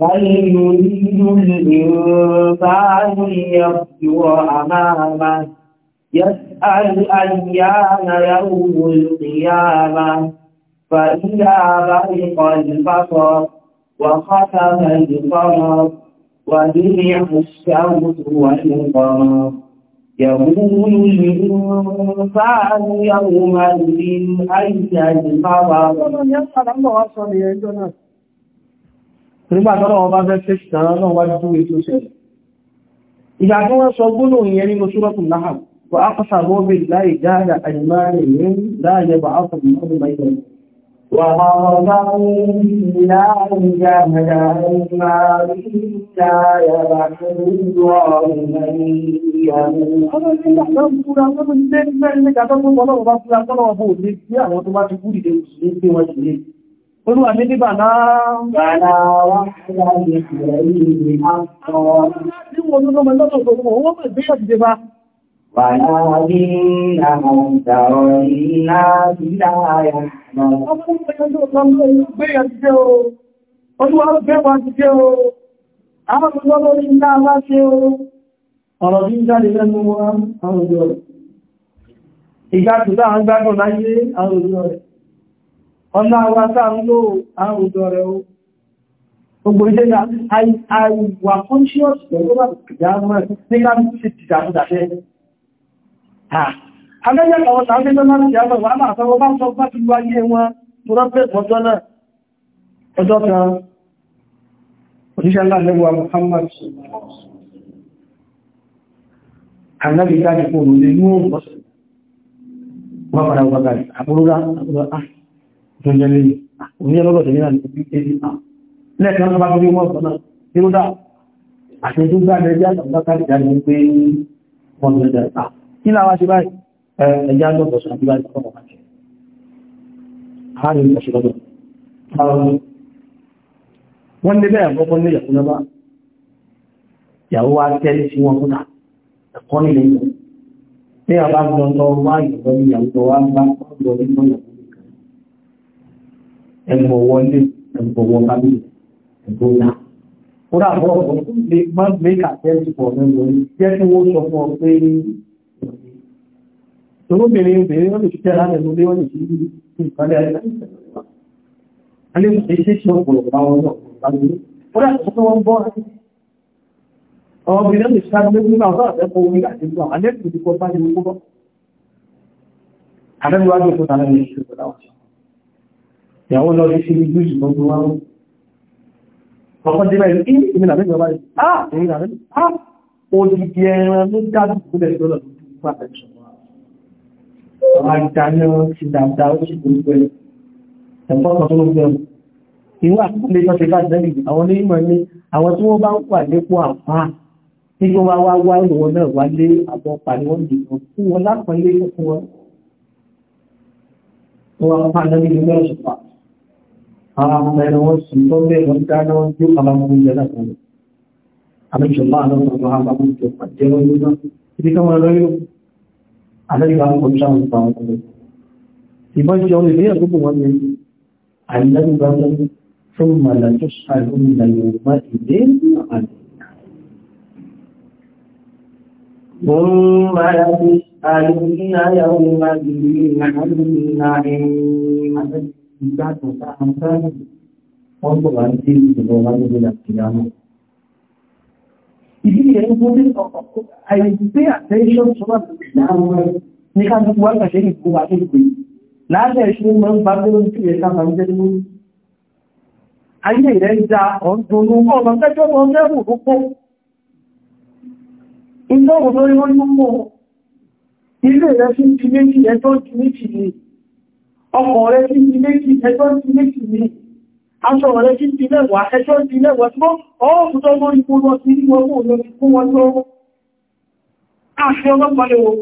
بل يريد الإنسان ليفجر أمامه أيان يوم القيامة فإذا برق البصر وختم القمر وجمع الشمس والقمر يقول الإنسان يومئذ أين المفر Nígbà tọ́lọ́ ọba bẹ́ fẹ́ ṣìtàn náà wájú ètò ṣẹlẹ̀. Ìgbà tí wọ́n sọ gbónà ìyẹn nínú ṣúrọ́kùn láhàbù. وأقسموا بالله جعل أيمانهم لا يبعث الله من وقالوا لا جهد أيمانهم لا يبعث الله من يموت Olúwa ní níbà náà bàrà wà láàrin ìrẹ̀lẹ̀ àpọ̀. Ní wọn ló lọ́mọ lọ́tọ̀ tó mọ̀, wọ́n mọ̀ ìgbéyàtì jẹ bá ونادينهم ترى الناس لا يحزنون Olúwàrú gẹ́gbà ti jẹ́ o, àwọn olùgbọ́ lórí ńlá wá ṣe o, ọ̀rọ̀ bí ń jáde lẹ́nu wa àwọn òjò rẹ̀. Ìgbàtù láàrín gbádùn láyé àwọn òjò rẹ̀. Ọlá wa sáà ń lò àwọn òjò rẹ̀ o. Gbogbo iṣẹ́ ni àìwà conscious pẹ̀lú Adájẹ́ àwọn tàbí lọ́nà ti àwọn wà máa bá sọ bá ti lọ wọn tó rọ́pẹ́ ọjọ́ náà. Ọjọ́ kan, òjíṣẹ́ aláàlẹ́wà Muhammad Annabi dájú kò rò lè mú ọ̀pọ̀sọ̀. Wọ́n padà wọ́gbàgbà àbúrúgbà àbúrúgbà ah, tó kí láwá ṣe báyìí ẹjá lọ́pọ̀ sí àbíbá ìfọ́nà máa jẹ́ ààrẹ ìpọ̀ṣẹ́ lọ́dọ̀ wọ́n lé bẹ́ẹ̀ àkọ́kọ́ ní ìyàwó lọ́bá ìyàwó wá tẹ́lẹ̀ sí wọn múta ẹ̀kọ́ nílé ìlú tí a bá gbọ́n tọ́ wá ìgbọ́ ní ìyàwó tó wá bá gbọ́ ní ìyàwó ẹgbọ̀ wọlé ẹgbọ̀ wọ bábílì ẹgbọ̀ náà ó rà bọ́ ọ̀pọ̀ lè má gbé kàtẹ́lì pọ̀ wọ́n sọ fún ọ pé Torúbìnrin obìnrin wọ́n wọ́n lè ṣe ìpàdé ayé lórí. wọ́n lè ṣáájú lórí ìpàdé àwọn ọ̀rọ̀ àdáná ti dáadáa ó sì gbogbo ẹ̀ ẹ̀fọ́ kan tó gbogbo ẹ̀ ìwé àkọlé tó ti bá dẹ́lì àwọn onímọ̀ ní àwọn tí wọ́n bá ń pà nípò àpá tí wọ́n wá wá wá ìwọ̀n náà wá lé àbọ̀ pàdé wọn dìbò fún wọn lápọ̀lé fún wọn wọ́n wá pàdé nínú mẹ́rin pa àwọn ọmọ ẹ̀rọ wọn sì tó bẹ́ẹ̀ wọn dáná wọn tó kàbá fún àlẹ́yìn àwọn oníṣàwọn ìpa àwọn ọkùnrin ìbọn jẹ́ orí ìbíyàn tó kù wọ́n ní àìlẹ́gbẹ̀gbẹ̀ tó mọ̀lá tó ṣàlùmí ìlànà ìgbà ìdé àti ثم يسألون يوم الدين عن النعيم ìdí ìyẹn àìsí attention tó wà ní ká ní wọ́n kàṣẹ́ ìgbò wà ní ìgbè láàrẹ ìṣẹ́ mọ́ ń bá lórí tí ẹ̀ká bá ń jẹ́ mú ayé rẹ̀ já ọ̀dọ̀nù ọmọ kẹjọ́ mọ́ mẹ́rù púpọ̀ iná olórí wọ́n aṣọ rẹ̀ sí ti lẹ́wàá ẹjọ́ ti lẹ́wàá tí wọ́n ọ̀pùtọ́ lórí fún wọn sí wọ́n mú lọ fún wọn lọ́wọ́ àṣẹ ọlọ́pàá wọ́n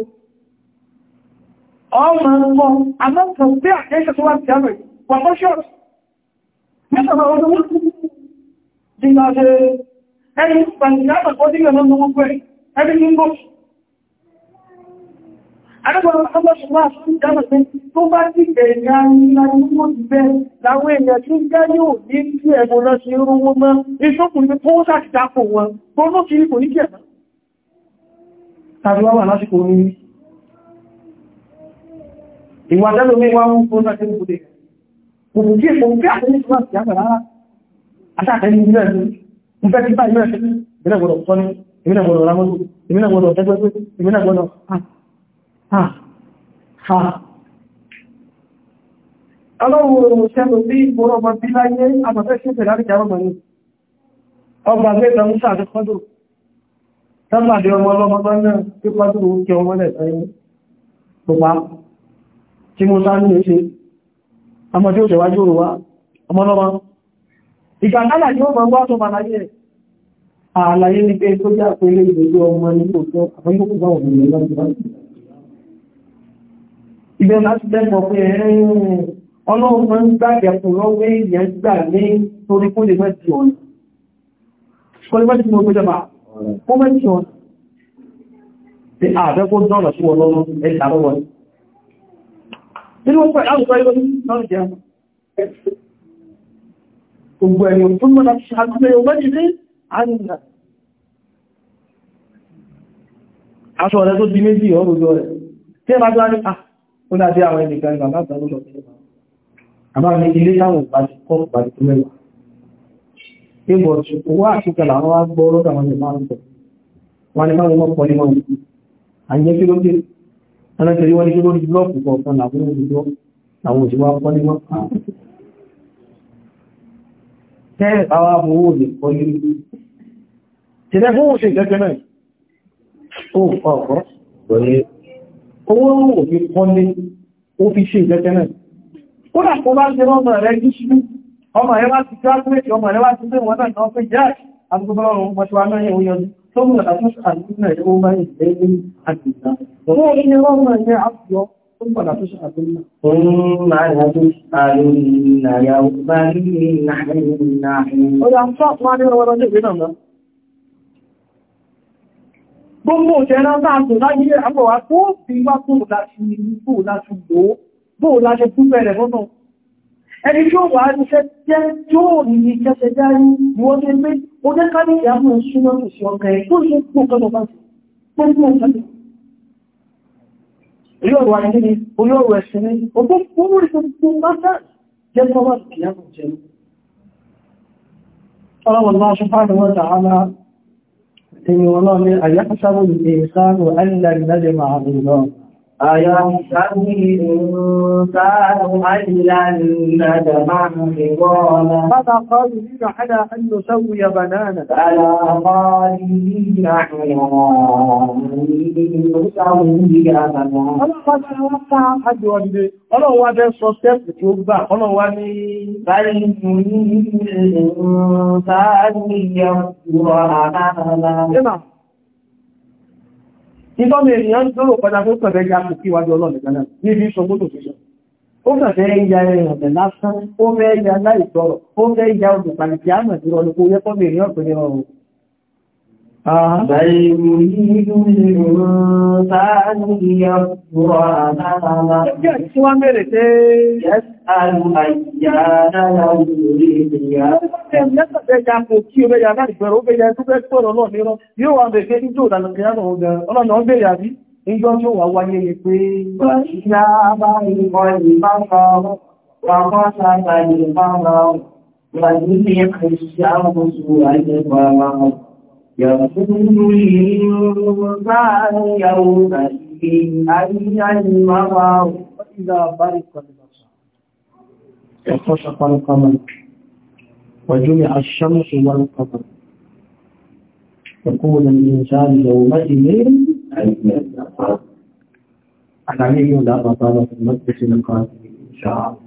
ọmọ ọmọ amọ́kàn pé àtẹ́ṣẹ́ tó wá ti àmì wà mọ́ ṣọ́ọ̀tì mẹ́sàn-án ọdún wọ́n kú dínà ṣe ẹni pàtàkì àpàkọ́ dínà lọ́nà gbogbo ẹ̀ ẹni ní gbogbo Àdọ́gbọ̀n ọlọ́ṣùwà fún dámọ̀sí tó bá ti bẹ̀rẹ̀ ìrìnàrí mọ́ ti bẹ́ láwọn èèyàn tí ń jẹ́ yóò ní kí ẹ̀bùn lọ sí irú wọn mọ́, ìṣọ́kùnrin tó sàtìdápò wọn, tó lókìrí kò ní kí ẹ̀mọ́. Tàbí wá wà lásìkò ní ìwà tẹ́lómi wá ń fún láti ní kùdé. Kùkù kí èkó kí àtẹ́lẹ́ ti wá sí àgbàrá àtàkẹ́lẹ́ ìlú ẹ̀sìn, mo fẹ́ ti bá ìlú ẹ̀sìn, ìmìnà gbọ́dọ̀ sọ́ni, ìmìnà gbọ́dọ̀ rámọ́dù, ìmìnà gbọ́dọ̀ tẹ́gbẹ́gbẹ́, ìmìnà ah, ha ha ọlọ́wọ́ ṣẹ́lú sí ìgbòrọ̀bọ̀ bí láyé àbàfẹ́ṣẹ́ pẹ̀lú àríkà ọmọ ní ọgbà mẹ́ta ń sàdẹ́kọ́dù tọ́bàdé ọmọ ọlọ́mọ náà tí pàtó òkè ọmọ rẹ̀ sẹ́yìn tó pa tí mo sáà ní ṣe ọmọ tí ó tẹ̀wájú òrùwá ọmọ ọlọ́mọ ìgbàkálà yóò mọ̀ wá tó màláyé àlàyé ní pé tó jẹ́ àpẹẹrẹ ìgbèlú ọmọ nílò tó àpẹẹrẹ ibẹ̀ máa ń gbàgẹ̀kùn lọ́wọ́ èèyàn ọlọ́run ẹ̀ta lọ́wọ́ nínú pẹ̀ àwùsọ ilé náà jẹ́ gbogbo ẹ̀yàn aṣọ ọ̀rẹ́ tó di méjì ọrùn jọ rẹ̀ tí ẹ bá jọ ó dá sí àwọn ẹnìkan ní bàbá àgbà lọ́lọ́ àbá mi ilé táwọn ìgbà ti kọ́ ìgbà ti mẹ́wàá níbo owó àtúkẹ́ làwọn wá gbọ́ lọ́dọ̀ àwọn ìgbà ń bọ̀ wọn ni báwọn mọ́pọ̀ ní wọn àyẹ́ kí ló dé aláṣẹ́rí wọ́n ní kí ló rí blọ́ọ̀kù kọ̀ọ̀kan làwọn olùdó àwọn òṣìwá pọ́ ní wọn tẹ́ẹ̀ báwá owó lè kọ́ ní ṣe tẹ́ fún òṣèlú gẹ́gẹ́ náà ó ọ̀kọ́ owó ò fi kọ́lé ó fi ṣe ìgbẹ́tẹ́ náà ó rà kó bá ṣe ọmọ rẹ̀ gíṣú ọmọ rẹ̀ wá ti graduate ọmọ rẹ̀ wá ti pé wọ́n náà pé jẹ́ àgbẹ̀gbọ́rún mọ́tíwá náà yẹ̀ oyan tó mú àtúnṣe àdúgbò ẹ̀rọ máa ń ṣe ní àgbẹ̀gbà ó ní wọ́n mọ̀ ní àbúyọ tó mú àtúnṣe àdúgbò Òun máa ń rájú àrùn ìrìnàyà ọgbà ní ìrìnàyà ìrìnàyà. Ó yà ń fọ́ àpá ní ọwọ́rọ̀ ní gbogbo òṣèrè láàtò láyé àpọ̀wà tó fi wá tó láti ìlú láti gbò bó láti tún bẹ̀rẹ̀ lọ́nà ẹni tí ó wà níṣẹ́ jẹ́ tí ó ní kẹsẹ̀ járí ni wọ́n tẹ́ pé ó jẹ́ káàkiri إن والله أن يحسب الإنسان أن لن نجمع عظيمه أيحسب الإنسان أن لن نجمع عظاما ماذا قادرين على أن نسوي بنانا ألا قادرين على Ọlọ́run wá bẹ́ sọ stẹ́pù tí ó gbà, ọlọ́run wá ní báyìí tún ní ìrìn sáà ní ẹ̀kùn ọ̀rọ̀ àmàrà. Ìtọ́mì ènìyàn lórò padà fún pẹ̀lẹ̀ ya kò kí wájú ọlọ́nìkaná níbi ṣogbótò ṣíṣọ. Ó fẹ̀fẹ́ ya ẹ̀rìn ọ̀tẹ̀ lásán, ó fẹ́ ya láìsọ̀rọ̀, ó fẹ́ ya ọdún pàlìkì àmà ìrọ̀lùkú yẹ́kọ́mì ènìyàn pẹ̀lẹ̀ ọrùn. بل يريد الإنسان ليفجر أمامه يسأل أيان يوم القيامة Ìjọ́ tí ó wà wáyé ni pé, Ìyá bá ìmọ̀ ìbáfà ọmọ sáàtà ìbáfà ọmọ ìlú ní ẹ̀kùn ìṣẹ́ àwọn oṣù àìyẹ̀ bàbá ọmọ. يقول للإنسان يومئذ أين المفر إذا برق البصر انخشق القمر وجمع الشمس والقمر يقول الإنسان يومئذ أين المفر العلي لا بطالة المجلس القادم إن شاء الله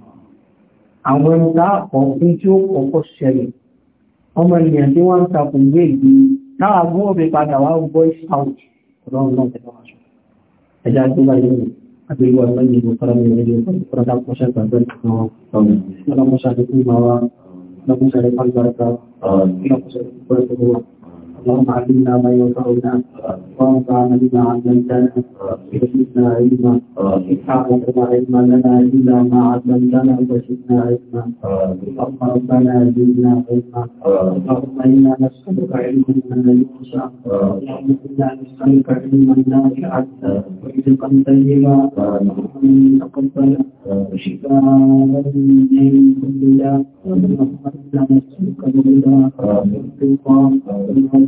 àwọn ìdá ọ̀pọ̀ tí ó kọ̀kọ́ ṣẹlẹ̀ ọmọ káwà gún òbí padà wá voice out ọlọ́run náà tẹ̀lé wáṣọ ẹja tó bá yẹ àgbéwọ̀ ẹgbẹ́ ìbò fọ́nàmì ìrìnlẹ̀ ìfọ́nàdà pọ̀ṣẹ́ pẹ̀lú ọmọ ọmọ ọmọ ọmọ اللهم علمنا ما ينفعنا وانفعنا بما علمتنا وزدنا علما سبحانك لا علم لنا الا ما علمتنا وزدنا علما اللهم ربنا زدنا علما اللهم انا نسالك علما لا يخشى اللهم انا نسالك علما لا نافعا ورزقا طيبا وعملا تقبلا وشفاء من كل داء اللهم انا نسالك الهدى والتقى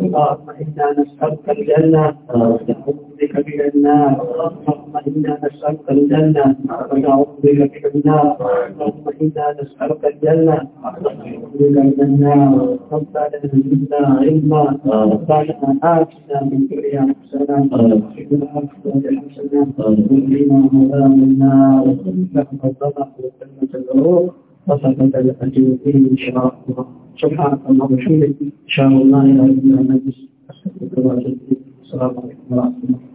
اللهم إنا نسألك الجنة اللهم انا نسالك الجنه اللهم إنا نسألك الجنة اللهم انا نسالك الجنه اللهم إنا نسألك الجنة اللهم انا نسالك الجنه اللهم انا نسالك الجنه اللهم انا نسالك الجنه اللهم انا نسالك الجنه اللهم انا نسالك الجنه اللهم انا انا انا انا انا انا انا انا انا انا انا انا انا انا انا نسالك نسالك نسالك نسالك نسالك نسالك نسالك نسالك نسالك نسالك نسالك نسالك نسالك نسالك الجنه الجنه الجنه الجنه الجنه الجنه الجنه الجنه الجنه الجنه الجنه الجنه الجنه الجنه اللهم اللهم اللهم اللهم اللهم اللهم اللهم اللهم اللهم اللهم اللهم اللهم اللهم اللهم صل وسلم وبارك سبحانك اللهم وبحمدك ان شاء الله لا اله الا انت استغفرك واتوب اليك السلام عليكم ورحمه الله